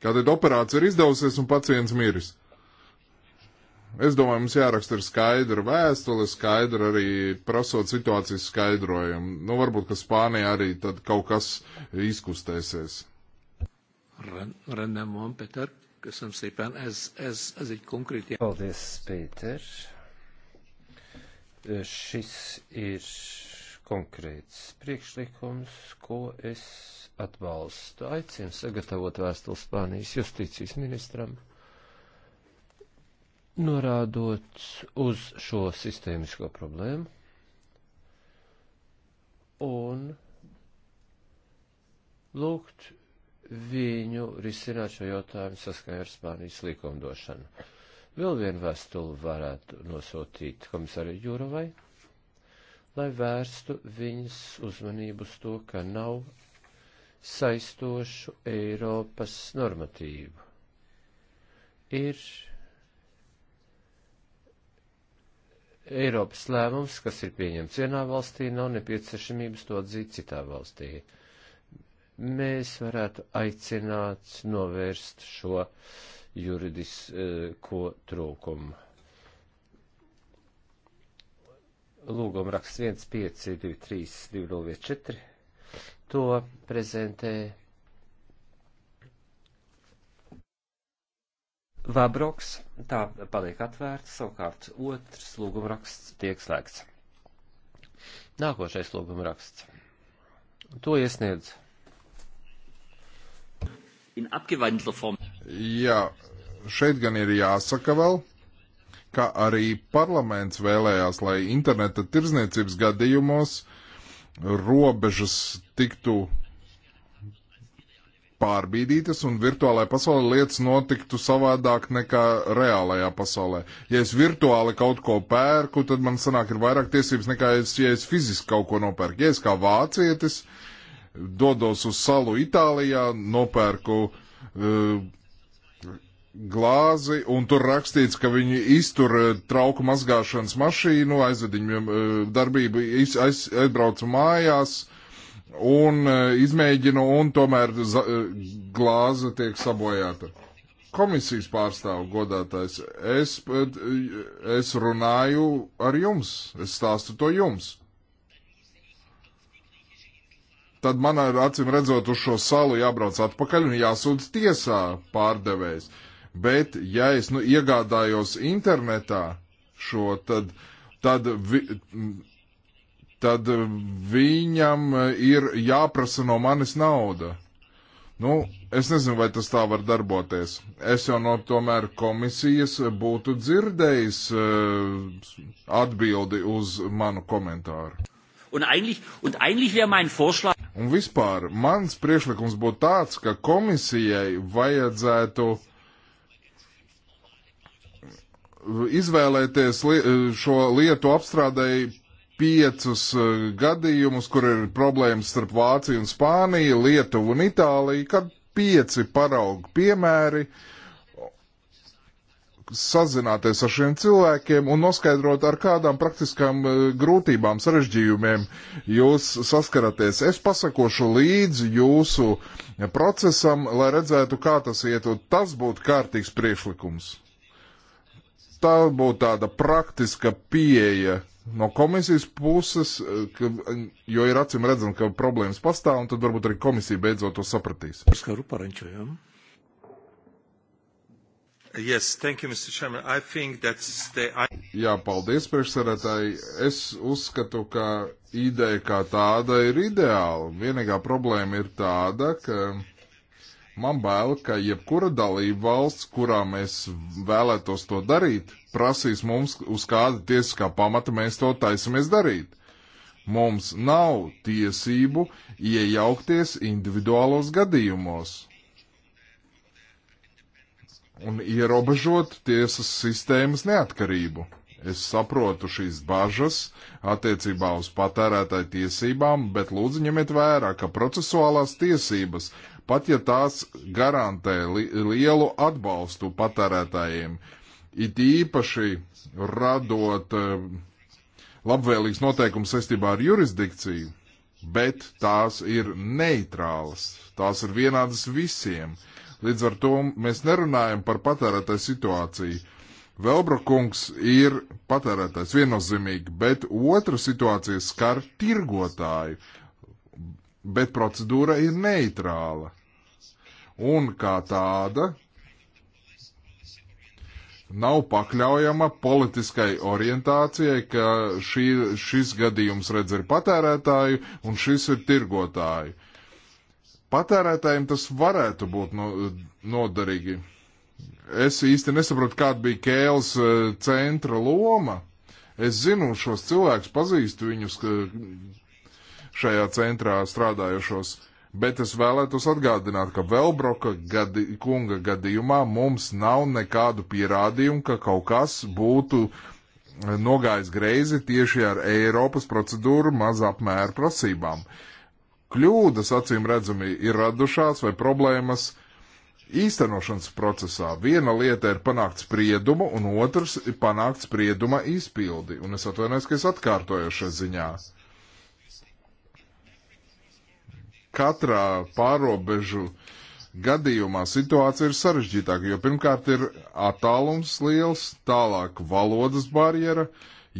Tātad operācija ir izdevusies un pacients miris. Es domāju, mums jāraksta ar skaidru vēstuli, skaidru arī prasot situācijas skaidrojumu. Nu, varbūt, ka Spānija arī tad kaut kas izkustēsies. Rendem van, Peter, köszönöm szépen. Ez, ez, ez egy konkrét... Paldies, Péter. Šis ir konkrēts priekšlikums, ko es atbalstu. Aicinu sagatavot vēstuli Spānijas justīcijas ministram norādot uz šo sistēmisko problēmu un lūgt viņu risināt šo jautājumu saskaņā ar Spānijas likumdošanu. Vēl vienu vēstuli varētu nosūtīt komisārai Jurovai, lai vērstu viņas uzmanību uz to, ka nav saistošu Eiropas normatīvu. Ir Eiropas lēmums, kas ir pieņemts vienā valstī, nav nepieciešamības to atzīt citā valstī. Mēs varētu aicināt novērst šo juridisko eh, trūkumu. Lūguma raksts 1523204 to prezentē Vabroks, tā paliek atvērta, savukārt otrs lūgumraksts tiek slēgts. Nākošais lūgumraksts. To iesniedz. Jā, šeit gan ir jāsaka vēl, ka arī parlaments vēlējās, lai interneta tirzniecības gadījumos robežas tiktu pārbīdītas un virtuālajā pasaulē lietas notiktu savādāk nekā reālajā pasaulē. Ja es virtuāli kaut ko pērku, tad man sanāk ir vairāk tiesības nekā es, ja es fiziski kaut ko nopērku. Ja es kā vācietis dodos uz salu Itālijā, nopērku uh, glāzi un tur rakstīts, ka viņi iztur uh, trauku mazgāšanas mašīnu, aizved viņu uh, eh, darbību, aiz, aiz, aizbraucu mājās un e, izmēģinu, un tomēr e, glāze tiek sabojāta. Komisijas pārstāvu godātais, es, e, es runāju ar jums, es stāstu to jums. Tad man ar acīm redzot uz šo salu jābrauc atpakaļ un jāsūdz tiesā pārdevējs. Bet, ja es nu iegādājos internetā šo, tad, tad vi, tad eh, viņam eh, ir jāprasa no manis nauda. Nu, es nezinu, vai tas tā var darboties. Es jau no tomēr komisijas būtu dzirdējis uh, atbildi uz manu komentāru. Un, eigentlich, un, eigentlich vorschlag... un vispār mans priekšlikums būtu tāds, ka komisijai vajadzētu izvēlēties li šo lietu apstrādēji piecus eh, gadījumus, kur ir problēmas starp Vāciju un Spāniju, Lietuvu un Itāliju, kad pieci paraugu piemēri, sazināties ar šiem cilvēkiem un noskaidrot, ar kādām praktiskām eh, grūtībām, sarežģījumiem jūs saskaraties. Es pasakošu līdzi jūsu procesam, lai redzētu, kā tas iet, un tas būtu kārtīgs priešlikums. Tā būtu tāda praktiska pieeja no komisijas puses, eh, ka, jo ir acīm redzam, ka problēmas pastāv, un tad varbūt arī komisija beidzot to sapratīs. Yes, thank you, Mr. Chairman. I think that's the... Jā, paldies, priekšsarētāji. Es uzskatu, ka ideja kā tāda ir ideāla. Vienīgā problēma ir tāda, ka Man bail, ka jebkura dalība valsts, kurā mēs vēlētos to darīt, prasīs mums, uz kāda tiesiskā pamata mēs to taisamies darīt. Mums nav tiesību iejaukties individuālos gadījumos un ierobežot tiesas sistēmas neatkarību. Es saprotu šīs bažas attiecībā uz patērētāju tiesībām, bet lūdzu ņemiet vērā, ka procesuālās tiesības pat ja tās garantē li lielu atbalstu patērētājiem, it īpaši radot eh, labvēlīgs noteikums saistībā ar jurisdikciju, bet tās ir neitrālas, tās ir vienādas visiem. Līdz ar to mēs nerunājam par patērētāju situāciju. Velbrokungs ir patērētājs viennozīmīgi, bet otra situācija skar tirgotāju bet procedūra ir neitrāla. Un kā tāda nav pakļaujama politiskai orientācijai, ka šī, šis gadījums redz ir patērētāju un šis ir tirgotāju. Patērētājiem tas varētu būt no, noderīgi. Es īsti nesaprotu, kāda bija Kēls e, centra loma. Es zinu šos cilvēkus, pazīstu viņus, ka šajā centrā strādājošos. Bet es vēlētos atgādināt, ka Velbroka gadi, kunga gadījumā mums nav nekādu pierādījumu, ka kaut kas būtu nogājis greizi tieši ar Eiropas procedūru mazā apmēra prasībām. Kļūdas, acīm redzami, ir radušās vai problēmas īstenošanas procesā. Viena lieta ir panākt spriedumu, un otrs ir panākt sprieduma izpildi. Un es atvainojos, ka es atkārtoju šajā ziņā. katrā pārobežu gadījumā situācija ir sarežģītāka, jo pirmkārt ir attālums liels, tālāk valodas barjera.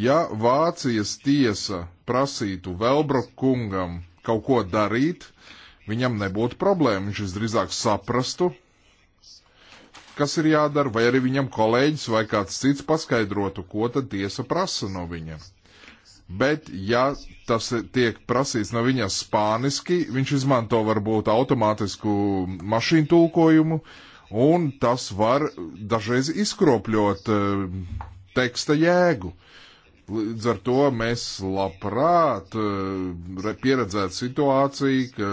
Ja Vācijas tiesa prasītu Velbrok kungam kaut ko darīt, viņam nebūtu problēma, viņš visdrīzāk saprastu, kas ir jādara, vai arī viņam kolēģis vai kāds cits paskaidrotu, ko tad tiesa prasa no viņiem bet ja tas tiek prasīts no viņa spāniski, viņš izmanto varbūt automātisku mašīnu tulkojumu, un tas var dažreiz izkropļot eh, teksta jēgu. Līdz ar to mēs labprāt eh, pieredzētu situāciju, ka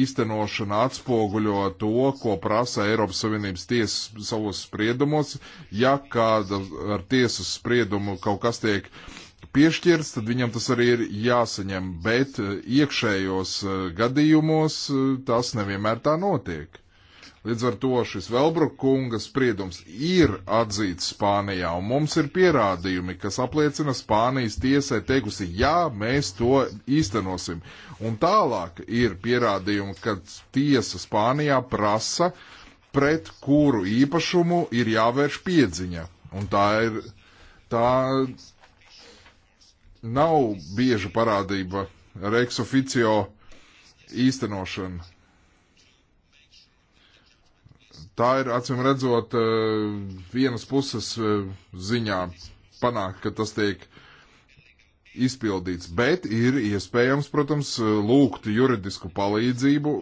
īstenošana atspoguļo to, ko prasa Eiropas Savienības tiesas savos spriedumos. Ja kāda ar tiesas spriedumu kaut kas tiek uh, piešķirts, tad viņam tas arī ir jāsaņem, bet eh, iekšējos eh, gadījumos eh, tas nevienmēr tā notiek. Līdz ar to šis Velbruka kunga spriedums ir atzīts Spānijā, un mums ir pierādījumi, kas apliecina Spānijas tiesai teikusi, jā, mēs to īstenosim. Un tālāk ir pierādījumi, ka tiesa Spānijā prasa, pret kuru īpašumu ir jāvērš piedziņa. Un tā ir tā nav bieža parādība ar eksoficio īstenošanu. Tā ir acīm redzot eh, vienas puses eh, ziņā panākt, ka tas tiek izpildīts, bet ir iespējams, protams, lūgt juridisku palīdzību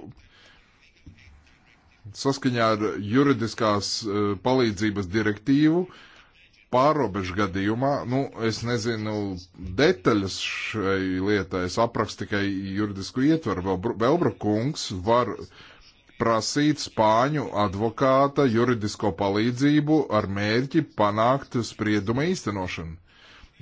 saskaņā ar juridiskās eh, palīdzības direktīvu, uh, pārobežu gadījumā, nu, es nezinu detaļas šai lietai, es aprakstu tikai juridisku ietvaru. Belbra kungs var prasīt spāņu advokāta juridisko palīdzību ar mērķi panākt sprieduma īstenošanu.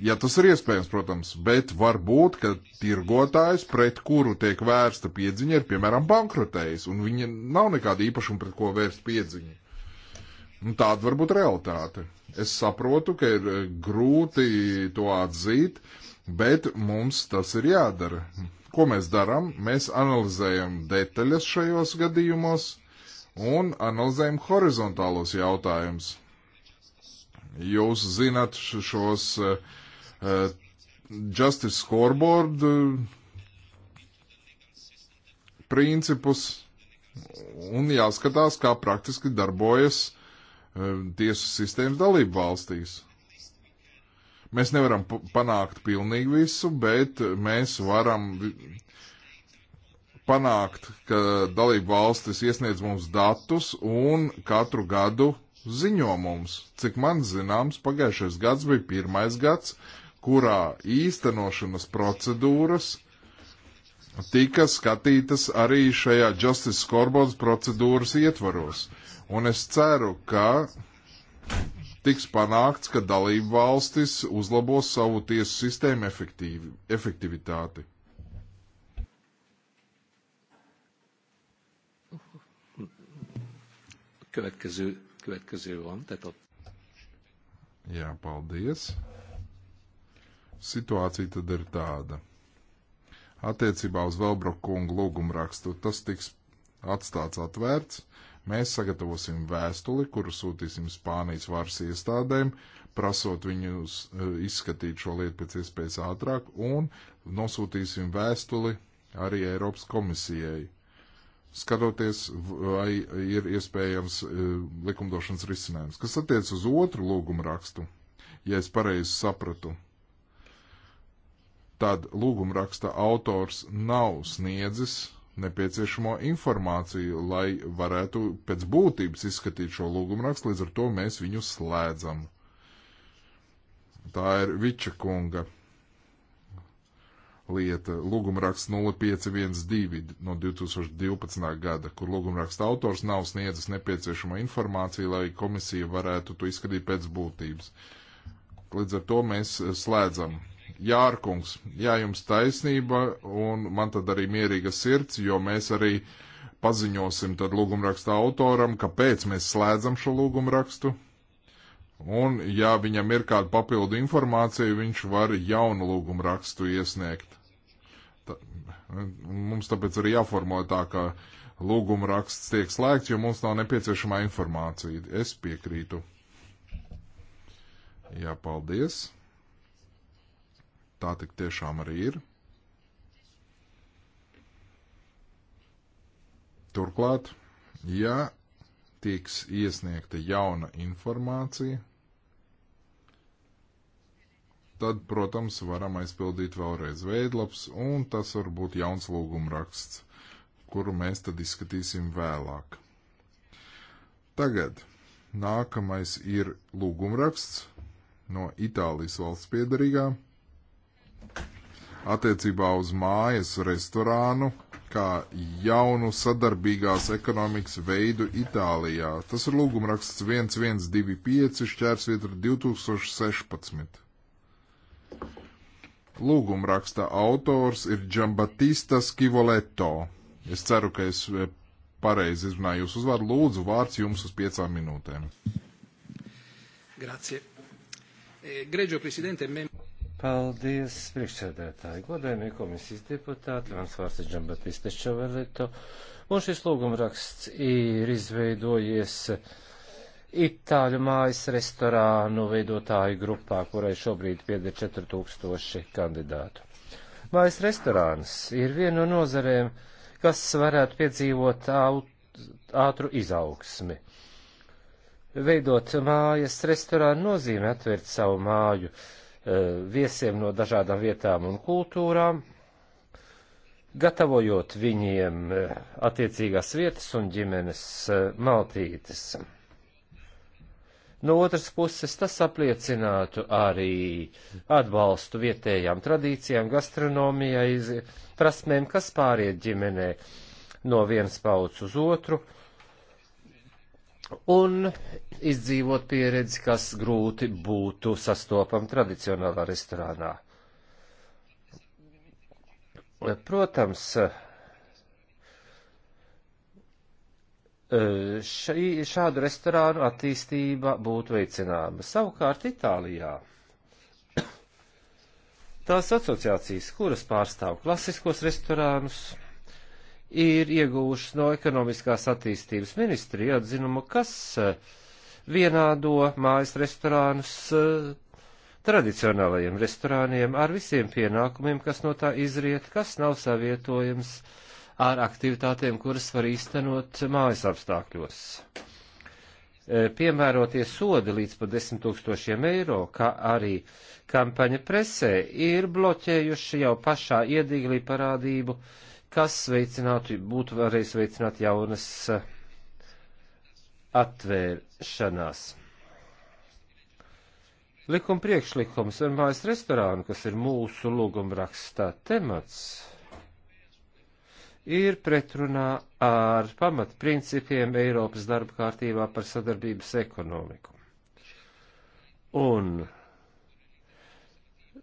Ja tas ir iespējams, protams, bet var būt, ka tirgotājs, pret kuru tiek vērsta piedziņa, ir piemēram bankrotējis, un viņa nav nekāda īpašuma, pret ko vērst piedziņu. Un nu, tāda var būt realitāte. Es saprotu, ka ir eh, grūti to atzīt, bet mums tas ir jādara. Ko mēs darām? Mēs analizējam detaļas šajos gadījumos un analizējam horizontālos jautājumus. Jūs zinat šos uh, Justice Scoreboard eh, principus un jāskatās, kā praktiski darbojas tiesu sistēmas dalību valstīs. Mēs nevaram panākt pilnīgi visu, bet mēs varam panākt, ka dalību valstis iesniedz mums datus un katru gadu ziņo mums. Cik man zināms, pagājušais gads bija pirmais gads, kurā īstenošanas procedūras tika skatītas arī šajā Justice Scoreboards procedūras ietvaros. Un es ceru, ka tiks panākts, ka dalību valstis uzlabos savu tiesu sistēmu efektīvi, efektivitāti. Következő, következő van, tehát a... Jā, paldies. Situācija tad ir tāda. Attiecībā uz Velbrokungu lūgumu rakstu tas tiks atstāts atvērts Mēs sagatavosim vēstuli, kuru sūtīsim Spānijas varas iestādēm, prasot viņus e, izskatīt šo lietu pēc iespējas ātrāk, un nosūtīsim vēstuli arī Eiropas komisijai. Skatoties, vai ir iespējams e, likumdošanas risinājums. Kas attiec uz otru lūgumu rakstu, ja es pareizi sapratu, tad lūgumu raksta autors nav sniedzis nepieciešamo informāciju, lai varētu pēc būtības izskatīt šo lūgumrakstu, līdz ar to mēs viņu slēdzam. Tā ir Viča kunga lieta, lūgumraksts 0512 no 2012. gada, kur lūgumraksta autors nav sniedzis nepieciešamo informāciju, lai komisija varētu to izskatīt pēc būtības. Līdz ar to mēs slēdzam Jārkungs, jā, jums taisnība, un man tad arī mierīga sirds, jo mēs arī paziņosim tad lūgumraksta autoram, kāpēc mēs slēdzam šo lūgumrakstu. Un, ja viņam ir kāda papildu informācija, viņš var jaunu lūgumrakstu iesniegt. Ta, mums tāpēc arī jāformulē tā, ka lūgumraksts tiek slēgts, jo mums nav nepieciešamā informācija. Es piekrītu. Jā, paldies. Tā tik tiešām arī ir. Turklāt, ja tiks iesniegta jauna informācija, tad, protams, varam aizpildīt vēlreiz veidlaps, un tas var būt jauns lūgumraksts, kuru mēs tad izskatīsim vēlāk. Tagad nākamais ir lūgumraksts no Itālijas valsts piedarīgā attiecībā uz mājas restorānu kā jaunu sadarbīgās ekonomikas veidu Itālijā. Tas ir lūgumraksts 1125 šķērsvietra 2016. Lūgumraksta autors ir Džambatista Skivoleto. Es ceru, ka es eh, pareizi izrunāju jūsu uzvārdu. Lūdzu, vārds jums uz piecām minūtēm. Grazie. Eh, Greģo prezidente, mem... Paldies, priekšsēdētāji, godējumie komisijas deputāti, mans vārds ir Džambatiste Čavelito, un šis lūgumraksts ir izveidojies Itāļu mājas restorānu veidotāju grupā, kurai šobrīd pieder 4000 kandidātu. Mājas restorāns ir viena no nozarēm, kas varētu piedzīvot ātru izaugsmi. Veidot mājas restorānu nozīmē atvērt savu māju Eh, viesiem no dažādām vietām un kultūrām, gatavojot viņiem eh, attiecīgās vietas un ģimenes eh, maltītes. No otras puses, tas apliecinātu arī atbalstu vietējām tradīcijām, gastronomijai, prasmēm, kas pāriet ģimenē no vienas paudzes uz otru, un izdzīvot pieredzi, kas grūti būtu sastopam tradicionālā restorānā. Protams, šī, šādu restorānu attīstība būtu veicināma. Savukārt Itālijā tās asociācijas, kuras pārstāv klasiskos restorānus, ir iegūšas no ekonomiskās attīstības ministrija atzinumu, kas eh, vienādo mājas restorānus eh, tradicionālajiem restorāniem ar visiem pienākumiem, kas no tā izriet, kas nav savietojams ar aktivitātēm, kuras var īstenot mājas apstākļos. Eh, piemērotie sodi līdz pat 10 tūkstošiem eiro, kā arī kampaņa presē, ir bloķējuši jau pašā iedīglī parādību uh, kas veicinātu, būtu varējis veicināt jaunas eh, atvēršanās. Likuma priekšlikums ar mājas restorānu, kas ir mūsu lūgumrakstā temats, ir pretrunā ar pamatprincipiem Eiropas darba kārtībā par sadarbības ekonomiku. Un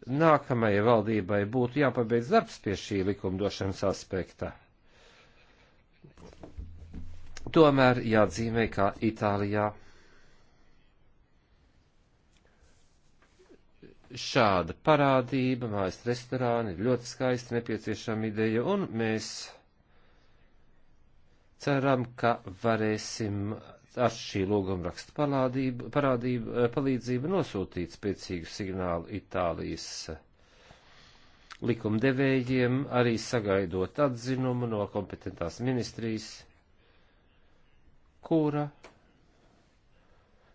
nākamajai valdībai būtu jāpabeidz darbs pie šī likumdošanas aspekta. Tomēr jāatzīmē, ka Itālijā šāda parādība, mājas restorāni, ir ļoti skaista nepieciešama ideja, un mēs ceram, ka varēsim ar šī logumraksta palādību, parādību, eh, palīdzību nosūtīt spēcīgu signālu Itālijas eh, likumdevējiem, arī sagaidot atzinumu no kompetentās ministrijas, kura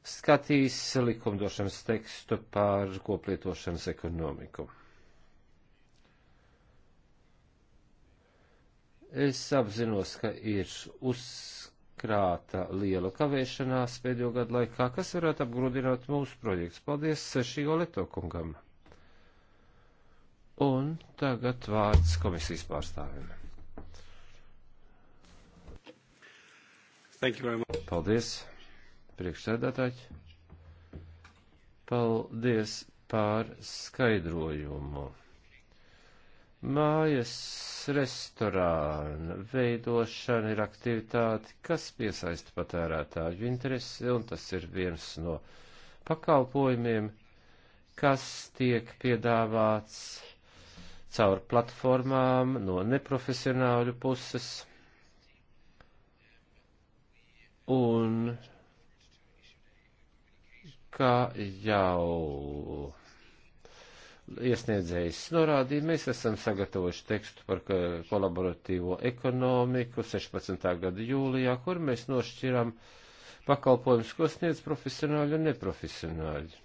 skatīs likumdošanas tekstu par koplietošanas ekonomiku. Es apzinos, ka ir uz krāta liela kavēšanās pēdējo gadu laikā, kas varētu apgrūdināt mūsu projekts. Paldies Šīgo Letokungam. Un tagad vārds komisijas pārstāvim. Paldies, priekšsēdētāji. Paldies pār skaidrojumu. Mājas restorāna veidošana ir aktivitāte, kas piesaista patērētāju interesi, un tas ir viens no pakalpojumiem, kas tiek piedāvāts caur platformām no neprofesionāļu puses. Un kā jau iesniedzējs norādīja, mēs esam sagatavojuši tekstu par kolaboratīvo ekonomiku 16. gada jūlijā, kur mēs nošķiram pakalpojumus, ko sniedz profesionāļi un neprofesionāļi.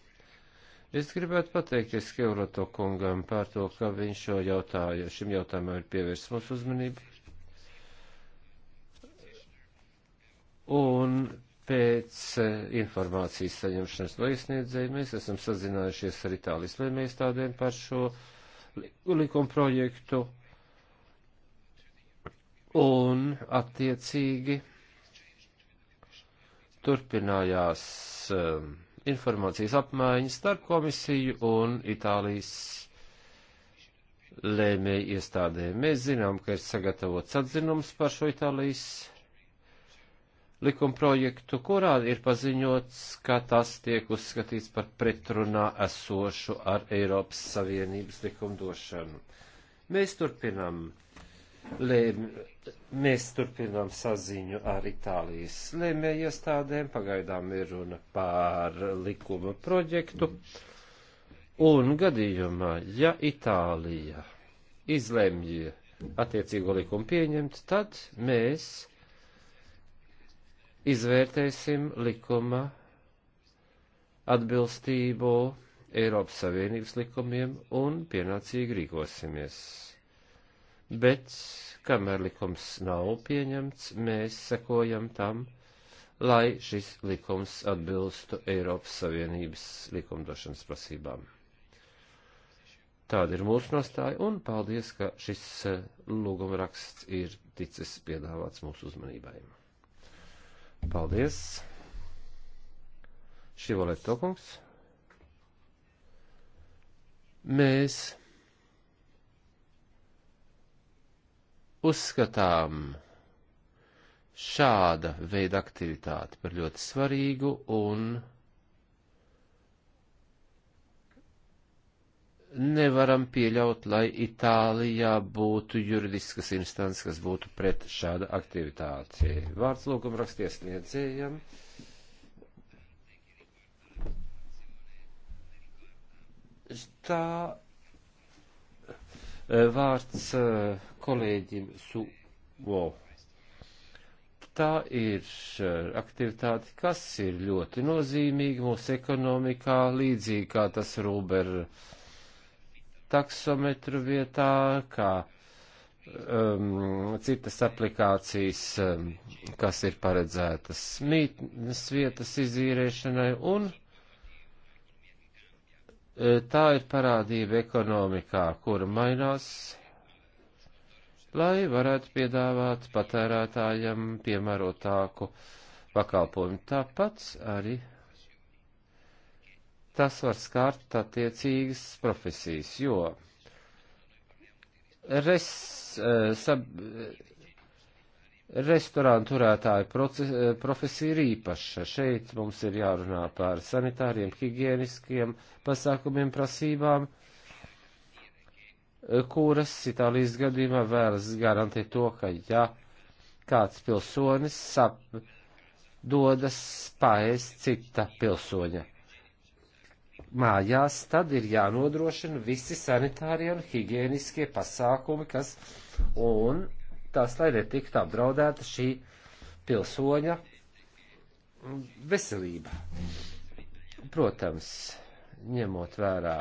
Es gribētu pateikties Keuroto kungam par to, ka viņš šo jautāju, šim jautājumam ir pievērst mūsu uzmanību. Un Pēc eh, informācijas saņemšanas no iesniedzēja mēs esam sazinājušies ar Itālijas lēmējstādēm par šo likuma projektu un attiecīgi turpinājās eh, informācijas apmaiņas starp komisiju un Itālijas lēmēju iestādēm. Mēs zinām, ka ir sagatavots atzinums par šo Itālijas likumprojektu, kurā ir paziņots, ka tas tiek uzskatīts par pretrunā esošu ar Eiropas Savienības likumdošanu. Mēs turpinam, lēm, mēs turpinam saziņu ar Itālijas lēmēju iestādēm, pagaidām ir runa par likuma projektu, un gadījumā, ja Itālija izlemj attiecīgo likumu pieņemt, tad mēs izvērtēsim likuma atbilstību Eiropas Savienības likumiem un pienācīgi rīkosimies. Bet, kamēr likums nav pieņemts, mēs sekojam tam, lai šis likums atbilstu Eiropas Savienības likumdošanas prasībām. Tāda ir mūsu nostāja, un paldies, ka šis eh, lūguma raksts ir ticis piedāvāts mūsu uzmanībai. Paldies. Šivoleto kungs. Mēs uzskatām šāda veida aktivitāti par ļoti svarīgu un nevaram pieļaut, lai Itālijā būtu juridiskas instants, kas būtu pret šāda aktivitāte. Vārds lūgum rakstiesniedzējiem. Tā e, vārds e, kolēģim Suvo. Tā ir e, aktivitāte, kas ir ļoti nozīmīga mūsu ekonomikā, līdzīgi kā tas Rūber uh, taksometru vietā, kā um, citas aplikācijas, um, kas ir paredzētas mītnes vietas izīrēšanai un e, tā ir parādība ekonomikā, kura mainās, lai varētu piedāvāt patērētājiem piemērotāku pakalpojumu. Tāpat arī tas var skart attiecīgas profesijas, jo res, eh, sab, restorānu turētāju proces, eh, profesija ir īpaša. Šeit mums ir jārunā par sanitāriem, higieniskiem pasākumiem, prasībām, eh, kuras Itālijas gadījumā vēlas garantēt to, ka ja kāds pilsonis sap, dodas paēst cita pilsoņa mājās, tad ir jānodrošina visi sanitārie un higieniskie pasākumi, kas un tās, lai netiktu apdraudēta šī pilsoņa veselība. Protams, ņemot vērā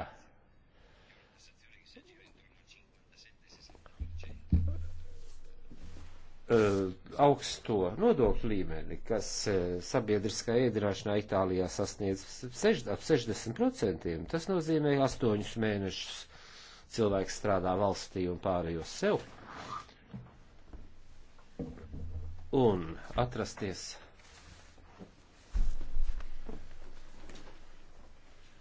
Eh, augsto nodokļu līmeni, kas eh, sabiedriskā iedrāšanā Itālijā sasniedz sež, ap 60%, tas nozīmē 8 mēnešus cilvēks strādā valstī un pārējos sev. Un atrasties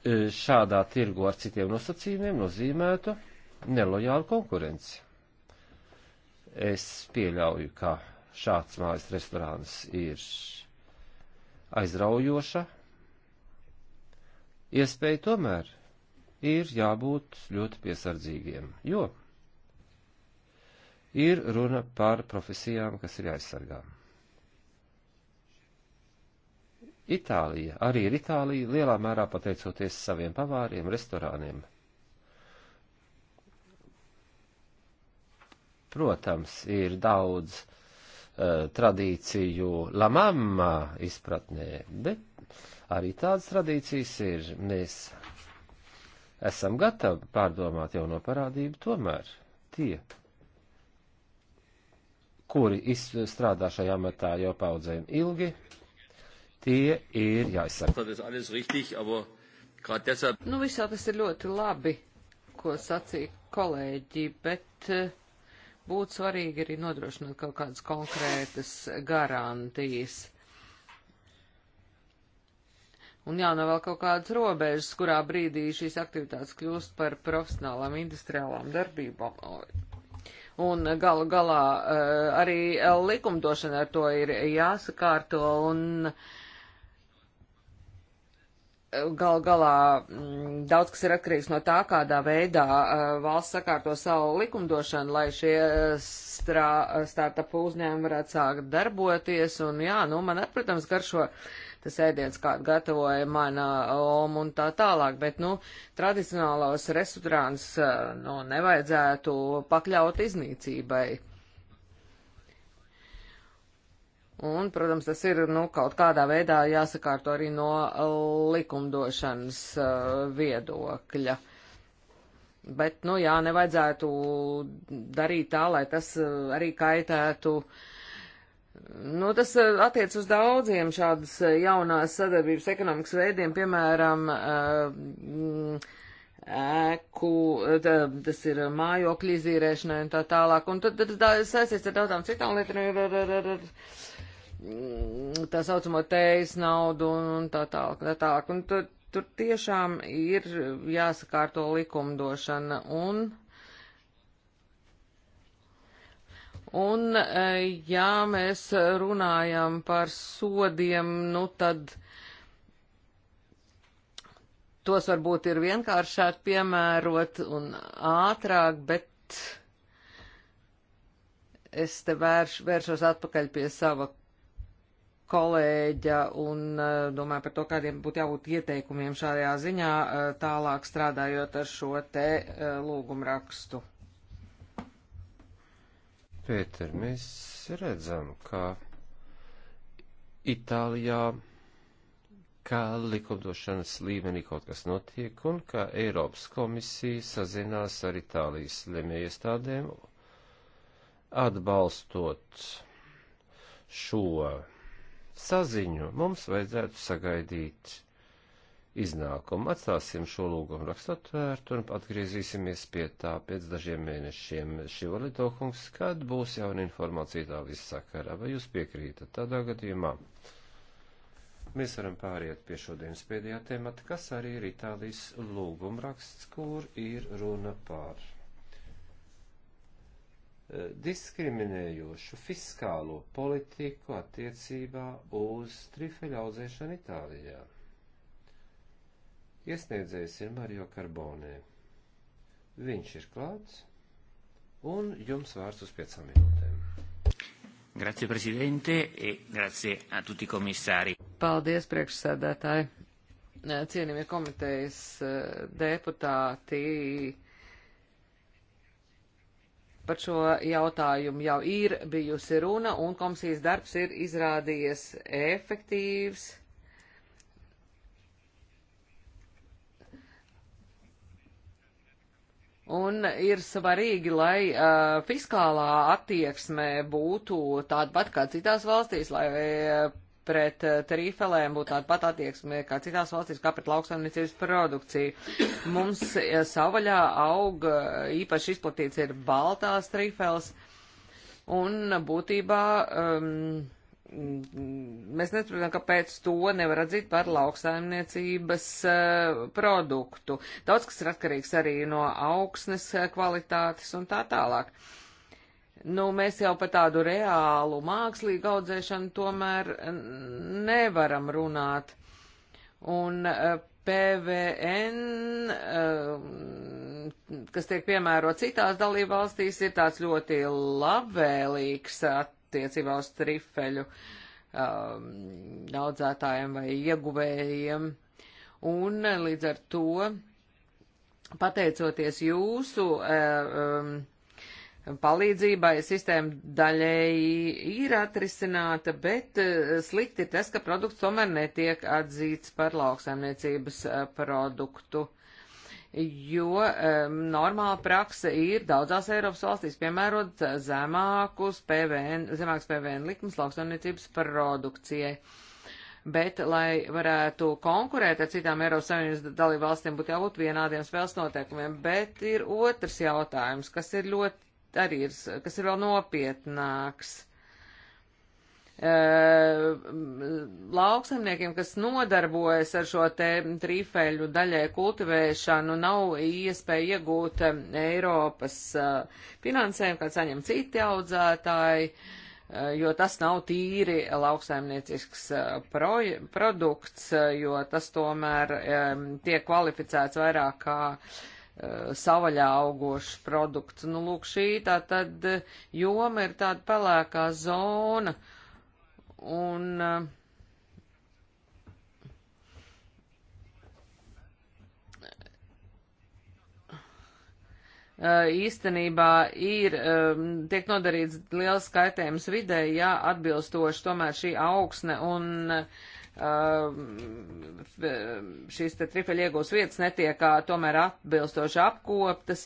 eh, šādā tirgu ar citiem nosacījumiem nozīmētu nelojālu konkurenci. Es pieļauju, ka šāds mājas restorāns ir aizraujoša. Iespēja tomēr ir jābūt ļoti piesardzīgiem, jo ir runa par profesijām, kas ir jāaizsargā. Itālija arī ir Itālija lielā mērā pateicoties saviem pavāriem, restorāniem Protams, ir daudz uh, tradīciju lamamma izpratnē, bet arī tādas tradīcijas ir. Mēs esam gatavi pārdomāt jauno parādību, tomēr tie, kuri strādā šajā matā jau paudzēm ilgi, tie ir jāizsaka. Nu, visā tas ir ļoti labi, ko sacīja kolēģi, bet uh, būtu svarīgi arī nodrošināt kaut kādas konkrētas garantijas. Un jānav vēl kaut kādas robežas, kurā brīdī šīs aktivitātes kļūst par profesionālām industriālām darbībām. Un galu galā eh, arī eh, likumdošana ar to ir jāsakārto un uh, gal galā m, mm, daudz kas ir atkarīgs no tā, kādā veidā uh, valsts sakārto savu likumdošanu, lai šie strā, startupu uzņēmumi varētu sākt darboties. Un jā, nu man, at, protams, garšo tas ēdiens, kādu gatavoja mana oma un tā tālāk, bet, nu, tradicionālos restorāns, uh, nu, nevajadzētu pakļaut iznīcībai. Un, protams, tas ir nu, kaut kādā veidā jāsakārto arī no likumdošanas uh, viedokļa. Bet, nu jā, nevajadzētu darīt tā, lai tas uh, arī kaitētu. Nu, tas uh, attiec uz daudziem šādas uh, jaunās sadarbības ekonomikas veidiem, piemēram, uh, mm, ēku, uh, tas ir mājokļu izīrēšanai un tā tālāk. Un tad tas saistīts ar daudzām citām lietām. Mm, tā saucamo tējas naudu un, un tā tālāk. Tā, tā. Un tur, tur tiešām ir jāsakārto likumdošana un. Un, e, ja mēs runājam par sodiem, nu tad tos varbūt ir vienkāršāk piemērot un ātrāk, bet es te vērš, vēršos atpakaļ pie sava kolēģa un eh, domāju par to, kādiem būtu jābūt ieteikumiem šādajā ziņā eh, tālāk strādājot ar šo te eh, lūgumrakstu. Pēter, mēs redzam, ka Itālijā ka likumdošanas līmenī kaut kas notiek un ka Eiropas komisija sazinās ar Itālijas lemiestādēm atbalstot šo saziņu. Mums vajadzētu sagaidīt iznākumu. Atstāsim šo lūgumu rakstu atvērtu un atgriezīsimies pie tā pēc dažiem mēnešiem. Šivalito kungs, kad būs jauna informācija tā vissakarā, vai jūs piekrītat tādā gadījumā? Mēs varam pāriet pie šodienas pēdējā temata, kas arī ir Itālijas lūgumraksts, kur ir runa pār diskriminējošu fiskālo politiku attiecībā uz trifeļaudzēšanu Itālijā. Iesniedzējs ir Mario Carbonē. Viņš ir klāts, un jums vārds uz piecām minūtēm. Grazie, prezidente, e grazie a tutti komisāri. Paldies, priekšsēdētāji. Cienījamie komitejas eh, deputāti par šo jautājumu jau ir bijusi runa, un komisijas darbs ir izrādījies efektīvs. Un ir svarīgi, lai uh, fiskālā attieksme būtu tāda pat kā citās valstīs, lai uh, pret eh, tarīfelēm būtu tāda pat attieksme kā citās valstīs, kā pret lauksaimniecības produkciju. Mums eh, savaļā aug eh, īpaši izplatīts ir baltās tarīfeles, un būtībā um, mēs nesaprotam, kāpēc to nevar atzīt par lauksaimniecības uh, produktu. Daudz kas ir atkarīgs arī no augsnes kvalitātes un tā tālāk. Uh, nu, mēs jau par tādu reālu mākslīgu audzēšanu tomēr nevaram runāt. Un eh, PVN, eh, kas tiek piemēro citās dalībvalstīs, ir tāds ļoti labvēlīgs attiecībā uz trifeļu eh, audzētājiem vai ieguvējiem. Un līdz ar to, pateicoties jūsu um, palīdzībai sistēma daļēji ir atrisināta, bet eh, slikti ir tas, ka produkts tomēr netiek atzīts par lauksaimniecības eh, produktu. Jo um, normāla prakse ir daudzās Eiropas valstīs piemērot zemākus PVN, zemāks PVN likums lauksaimniecības produkcijai. Bet, lai varētu konkurēt ar citām Eiropas Savienības dalību valstīm, būtu jābūt vienādiem spēles noteikumiem. Bet ir otrs jautājums, kas ir ļoti arī ir, kas ir vēl nopietnāks. Uh, lauksaimniekiem, kas nodarbojas ar šo te trīfeļu daļai kultivēšanu, nav iespēja iegūt Eiropas uh, finansējumu, kad saņem citi audzētāji, uh, jo tas nav tīri lauksaimniecisks proj, produkts, jo tas tomēr um, tiek kvalificēts vairāk kā uh, savaļā augošu produktu. Nu, lūk, šī tā tad joma ir tāda pelēkā zona. Un, eh, Īstenībā ir, eh, tiek nodarīts liels skaitējums vidē, ja atbilstoši tomēr šī augsne un uh, Um, šīs te tripeļu iegūs vietas netiek tomēr atbilstoši apkoptas,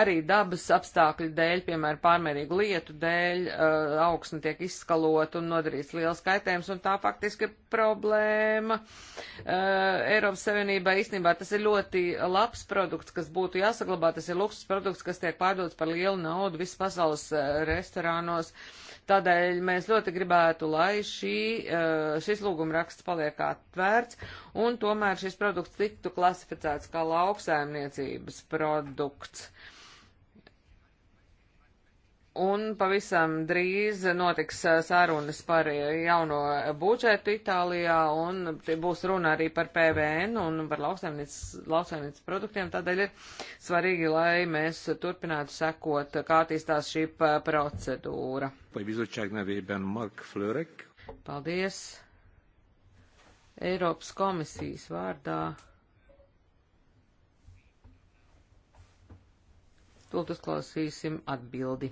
arī dabas apstākļu dēļ, piemēram, pārmērīgu lietu dēļ, uh, augsne tiek izskalot un nodarīts liels kaitējums, un tā faktiski ir problēma. Uh, Eiropas Savienībā īstenībā tas ir ļoti labs produkts, kas būtu jāsaglabā, tas ir luksus produkts, kas tiek pārdots par lielu naudu visu pasaules uh, restorānos. Uh, Tādēļ mēs ļoti gribētu, lai šī, eh, šis lūgumraksts paliek atvērts un tomēr šis produkts tiktu klasificēts kā lauksaimniecības produkts. Un pavisam drīz notiks uh, sarunas par uh, jauno budžetu Itālijā, un būs runa arī par PVN un par lauksaimniecības produktiem. Tādēļ ir svarīgi, lai mēs turpinātu sekot, kā attīstās šī procedūra. Paldies! Eiropas komisijas vārdā. Tūlīt uzklausīsim atbildi.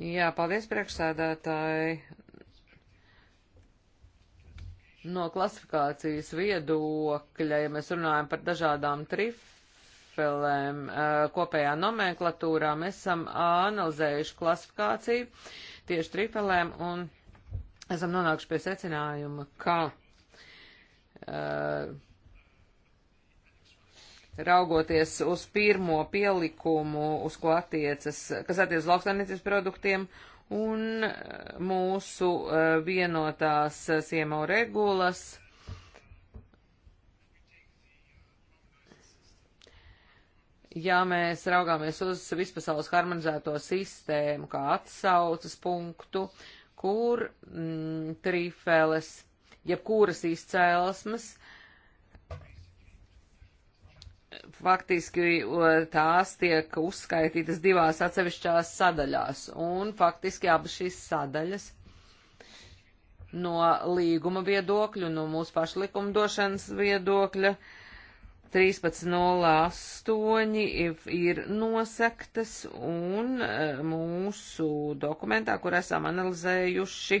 Jā, paldies priekšsēdētāji. No klasifikācijas viedokļa, ja mēs runājam par dažādām trifelēm, eh, kopējā nomenklatūrā, mēs esam analizējuši klasifikāciju tieši trifelēm un esam nonākuši pie secinājuma, ka uh, raugoties uz pirmo pielikumu, uz ko attiecas, kas attiecas uz lauksaimniecības produktiem un eh, mūsu eh, vienotās siemo eh, regulas. Ja mēs raugāmies uz vispasaules harmonizēto sistēmu kā atsaucas punktu, kur mm, trīfēles, jebkuras izcēlesmes, uh, faktiski tās tiek uzskaitītas divās atsevišķās sadaļās, un faktiski abas šīs sadaļas no līguma viedokļa, no mūsu pašu likumdošanas viedokļa 13.08 ir nosektas, un e, mūsu dokumentā, kur esam analizējuši,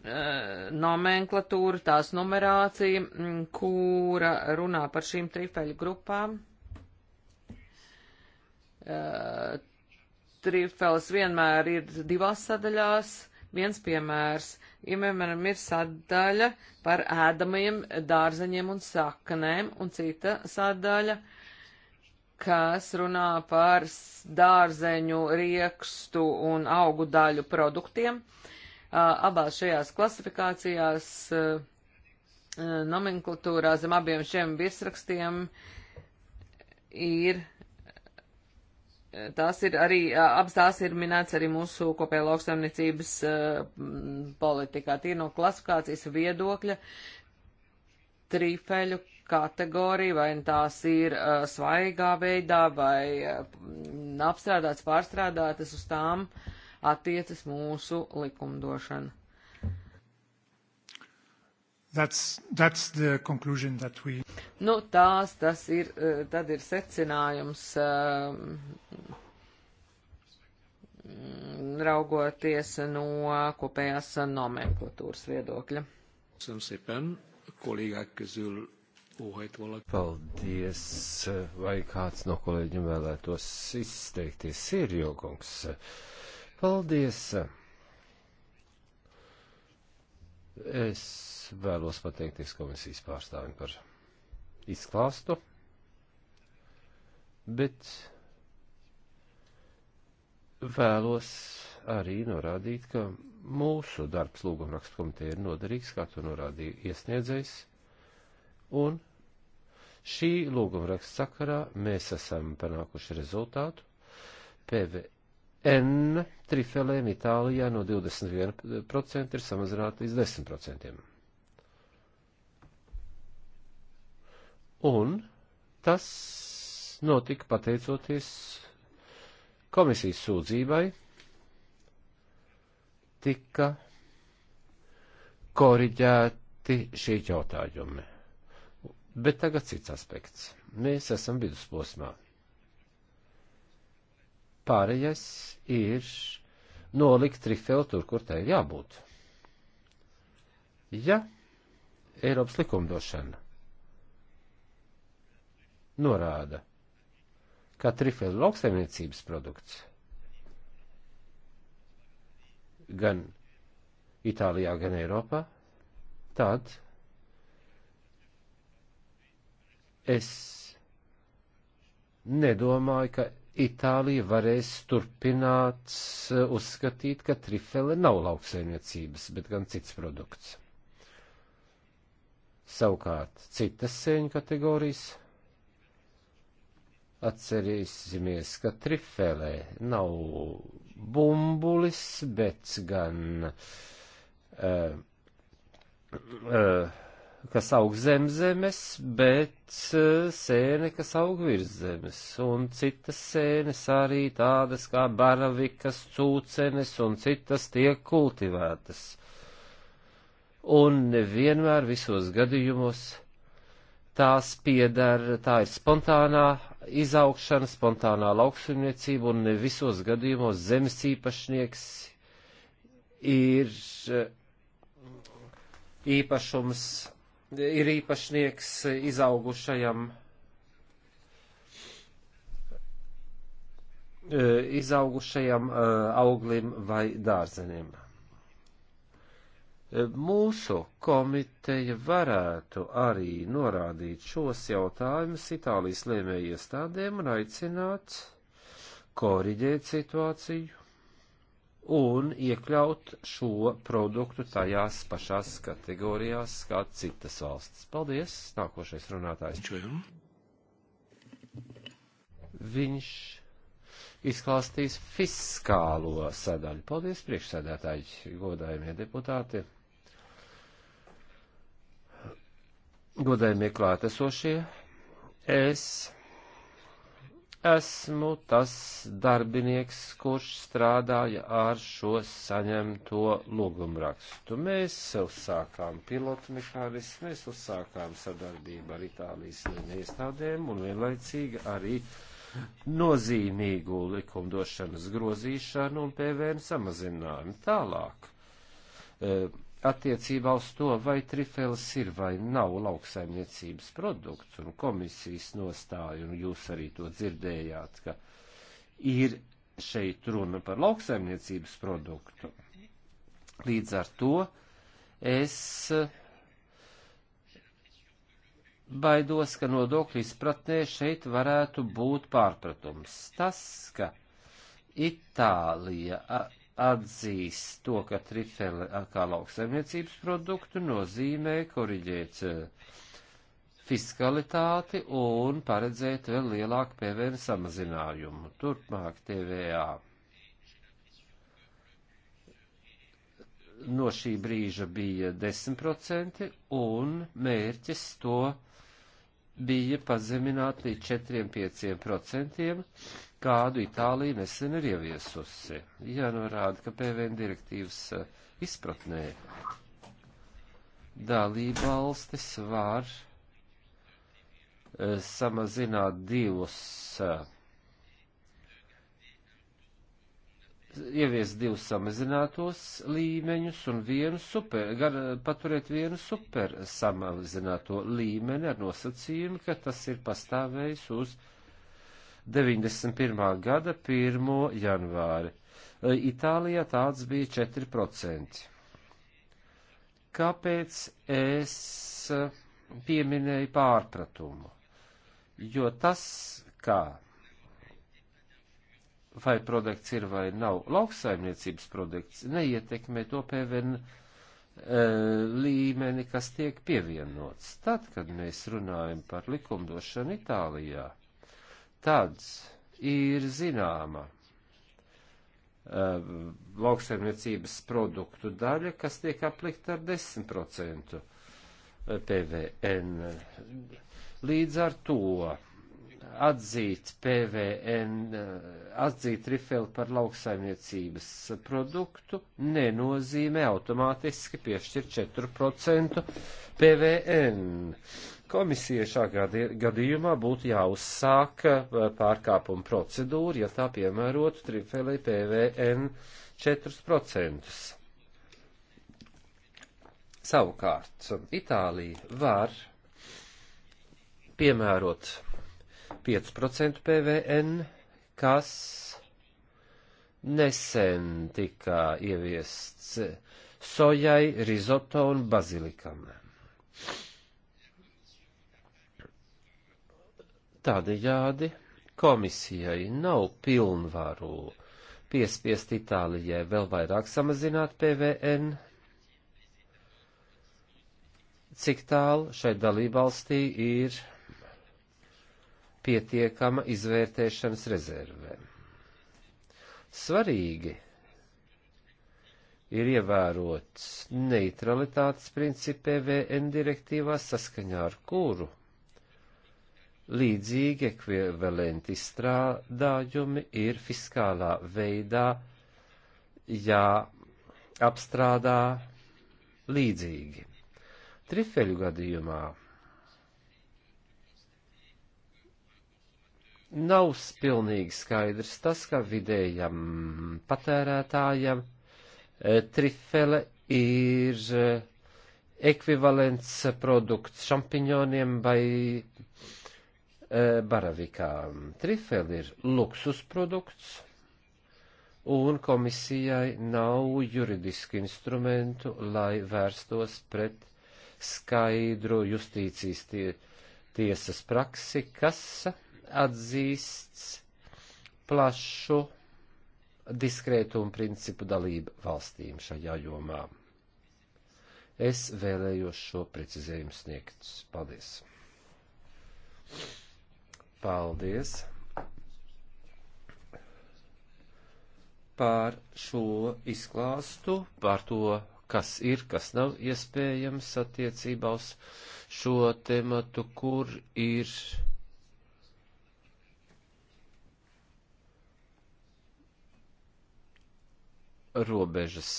Eh, nomenklatūra, tās numerācija, mm, kura runā par šīm trifeļu grupām. Eh, Trifels vienmēr ir divās sadaļās. Viens piemērs, ja piemēram ir sadaļa par ēdamajiem dārzeņiem un saknēm, un cita sadaļa, kas runā par dārzeņu riekstu un augu daļu produktiem. Uh, abās šajās klasifikācijās, nomenklatūrā zem abiem šiem virsrakstiem ir. Tās ir arī, abas tās ir minēts arī mūsu kopējā lauksaimniecības politikā. Tie no klasifikācijas viedokļa trīfeļu kategorija, vai tās ir uh, svaigā veidā, vai uh, apstrādātas, pārstrādātas uz tām uh, attiecas mūsu likumdošana. That's, that's the conclusion that we... Nu, tās, tas ir, eh, tad ir secinājums, ehm, raugoties no kopējās nomenklatūras viedokļa. Paldies, vai kāds no kolēģiem vēlētos izteikties, ir jogungs. Uh, Paldies! Es vēlos pateikties komisijas pārstāvim par izklāstu, bet vēlos arī norādīt, ka mūsu darbs lūgumrakstu komiteja ir noderīgs, kā to norādīja iesniedzējs, un šī lūgumraksta sakarā mēs esam panākuši rezultātu. PV N trifelēm Itālijā no 21% ir samazināta līdz 10%. Un tas notika pateicoties komisijas sūdzībai, tika koriģēti šie jautājumi. Bet tagad cits aspekts. Mēs esam vidusposmā. Pārējais ir nolikt trifeli tur, kur tai ir jābūt. Ja Eiropas likumdošana norāda, ka trifeli ir lauksaimniecības produkts, gan Itālijā, gan Eiropā, tad es nedomāju, ka Itālija varēs turpināt eh, uzskatīt, ka trifele nav lauksaimniecības, bet gan cits produkts. Savukārt citas sēņu kategorijas Atcerīsimies, ka trifelē nav bumbulis, bet gan uh, uh, kas aug zem zemes, bet eh, sēne, kas aug virs zemes, un citas sēnes arī tādas kā baravikas, cūcenes, un citas tiek kultivētas. Un nevienmēr visos gadījumos tās piedara, tā ir spontānā izaugšana, spontānā lauksaimniecība, un ne visos gadījumos zemes īpašnieks ir eh, īpašums ir īpašnieks izaugušajam e, izaugušajam e, auglim vai dārzenim. E, mūsu komiteja varētu arī norādīt šos jautājumus Itālijas lēmēju iestādēm un aicināt koriģēt situāciju, un iekļaut šo produktu tajās pašās kategorijās kā citas valsts. Paldies! Nākošais runātājs. Viņš izklāstīs fiskālo sadaļu. Paldies, priekšsēdētāji, godājumie deputāti, godājumie klātesošie. Es esmu tas darbinieks, kurš strādāja ar šo saņemto lūgumrakstu. Mēs uzsākām pilotu mehānismu, mēs uzsākām sadarbību ar Itālijas iestādēm un vienlaicīgi arī nozīmīgu likumdošanas grozīšanu un PVN samazinājumu tālāk. Uh, attiecībā uz to, vai trifels ir vai nav lauksaimniecības produkts un komisijas nostāju, un jūs arī to dzirdējāt, ka ir šeit runa par lauksaimniecības produktu. Līdz ar to es baidos, ka nodokļu izpratnē šeit varētu būt pārpratums. Tas, ka Itālija atzīst to, ka trifele kā lauksaimniecības produktu nozīmē koriģēt eh, fiskalitāti un paredzēt vēl lielāku PVN samazinājumu. Turpmāk TVA no šī brīža bija 10% un mērķis to bija pazemināt līdz 4-5% kādu Itālija nesen ir ieviesusi. Jānorāda, ka PVN direktīvas eh, izpratnē dalībvalstis var eh, samazināt divus, eh, ievies divus samazinātos līmeņus un vienu super, gar, paturēt vienu super samazināto līmeni ar nosacījumu, ka tas ir pastāvējis uz uh, 91. gada 1. janvāri. E, Itālijā tāds bija 4%. Kāpēc es e, pieminēju pārpratumu? Jo tas, kā vai produkts ir vai nav lauksaimniecības produkts, neietekmē to PVN e, līmeni, kas tiek pievienots. Tad, kad mēs runājam par likumdošanu Itālijā, tad ir zināma um, lauksaimniecības produktu daļa, kas tiek aplikta ar 10% PVN. Eh, Līdz ar to atzīt PVN, eh, atzīt rifeli par lauksaimniecības produktu nenozīmē automātiski piešķirt 4% PVN. Komisija šā gadījumā būtu jāuzsāk eh, pārkāpuma procedūra, ja tā piemērotu tripelī PVN 4%. Savukārt, Itālija var piemērot 5% PVN, kas nesen tika ieviests sojai, rizoto un bazilikam. Tādējādi komisijai nav pilnvaru piespiest Itālijai vēl vairāk samazināt PVN, cik tālu šai dalībvalstī ir pietiekama izvērtēšanas rezerve. Svarīgi ir ievērot neutralitātes principu PVN direktīvā saskaņā ar kuru līdzīgi ekvivalenti strādājumi ir fiskālā veidā jāapstrādā līdzīgi. Trifeļu gadījumā nav pilnīgi skaidrs tas, ka vidējam patērētājam eh, trifele ir eh, ekvivalents produkts šampiņoniem vai E, baravikā. Trifeli ir luksus produkts, un komisijai nav juridisku instrumentu, lai vērstos pret skaidru justīcijas tie, tiesas praksi, kas atzīsts plašu diskrētumu principu dalību valstīm šajā jomā. Es vēlējos šo precizējumu sniegt. Paldies! Paldies par šo izklāstu, par to, kas ir, kas nav iespējams attiecībā uz šo tematu, kur ir. robežas.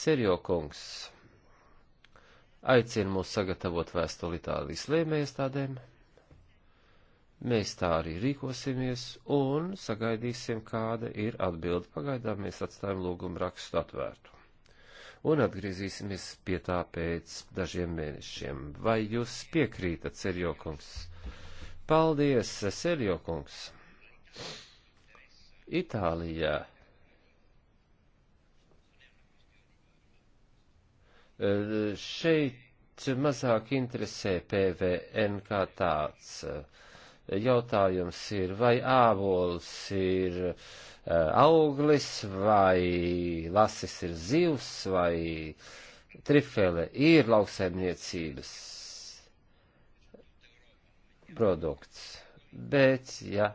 Serjo kungs aicina mūs sagatavot vēstuli Itālijas lēmējas tādēm. Mēs tā arī rīkosimies un sagaidīsim, kāda ir atbilde. Pagaidām mēs atstājam lūgumu rakstu atvērtu. Un atgriezīsimies pie tā pēc dažiem mēnešiem. Vai jūs piekrītat, Serjokungs? Paldies, Serjokungs! Itālijā. Šeit mazāk interesē PVN kā tāds. Uh, jautājums ir, vai ābols ir uh, auglis, vai lasis ir zivs, vai trifele ir lauksaimniecības produkts. Bet, ja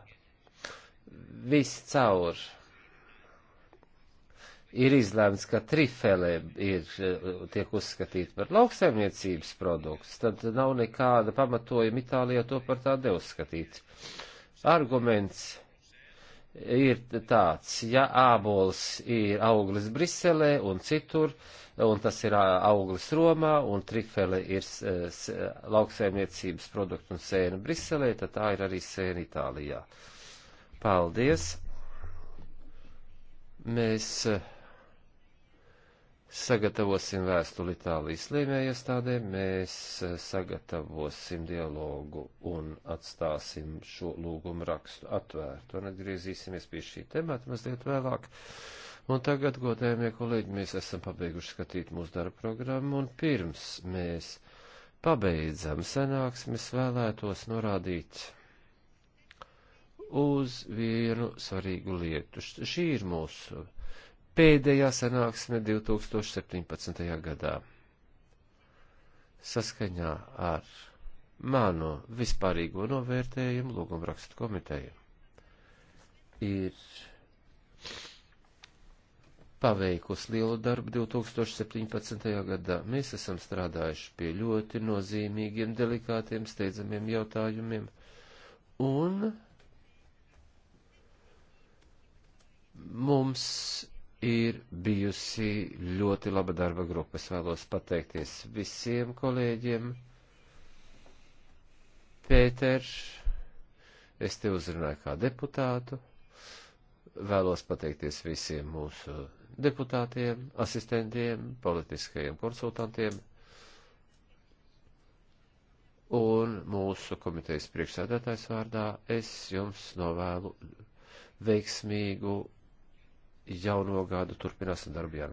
viss caur ir izlēmts, ka trifelē ir, eh, tiek uzskatīta par lauksaimniecības produkts, tad nav nekāda pamatojuma Itālijā to par tādu neuzskatīt. Arguments ir tāds, ja ābols ir auglis Briselē un citur, un tas ir auglis Romā, un trifele ir eh, eh, lauksaimniecības produkts un sēna Briselē, tad tā ir arī sēna Itālijā. Paldies! Mēs uh, sagatavosim vēstuli Itālijas lēmējiestādēm, mēs eh, sagatavosim dialogu un atstāsim šo lūgumu rakstu atvērtu un atgriezīsimies pie šī temata mazliet vēlāk. Un tagad, godējumie kolēģi, mēs esam pabeiguši skatīt mūsu darba programmu un pirms mēs pabeidzam sanāksmes vēlētos norādīt uz vienu svarīgu lietu. Šī ir mūsu pēdējā sanāksme 2017. gadā. Saskaņā ar mano vispārīgo novērtējumu lūgumrakstu komiteju ir paveikusi lielu darbu 2017. gadā. Mēs esam strādājuši pie ļoti nozīmīgiem, delikātiem, steidzamiem jautājumiem, un mums ir bijusi ļoti laba darba grupa. Es vēlos pateikties visiem kolēģiem. Pēters, es te uzrunāju kā deputātu. Vēlos pateikties visiem mūsu deputātiem, asistentiem, politiskajiem konsultantiem un mūsu komitejas priekšsēdētājs vārdā es jums novēlu veiksmīgu jauno gadu turpināsim darbu.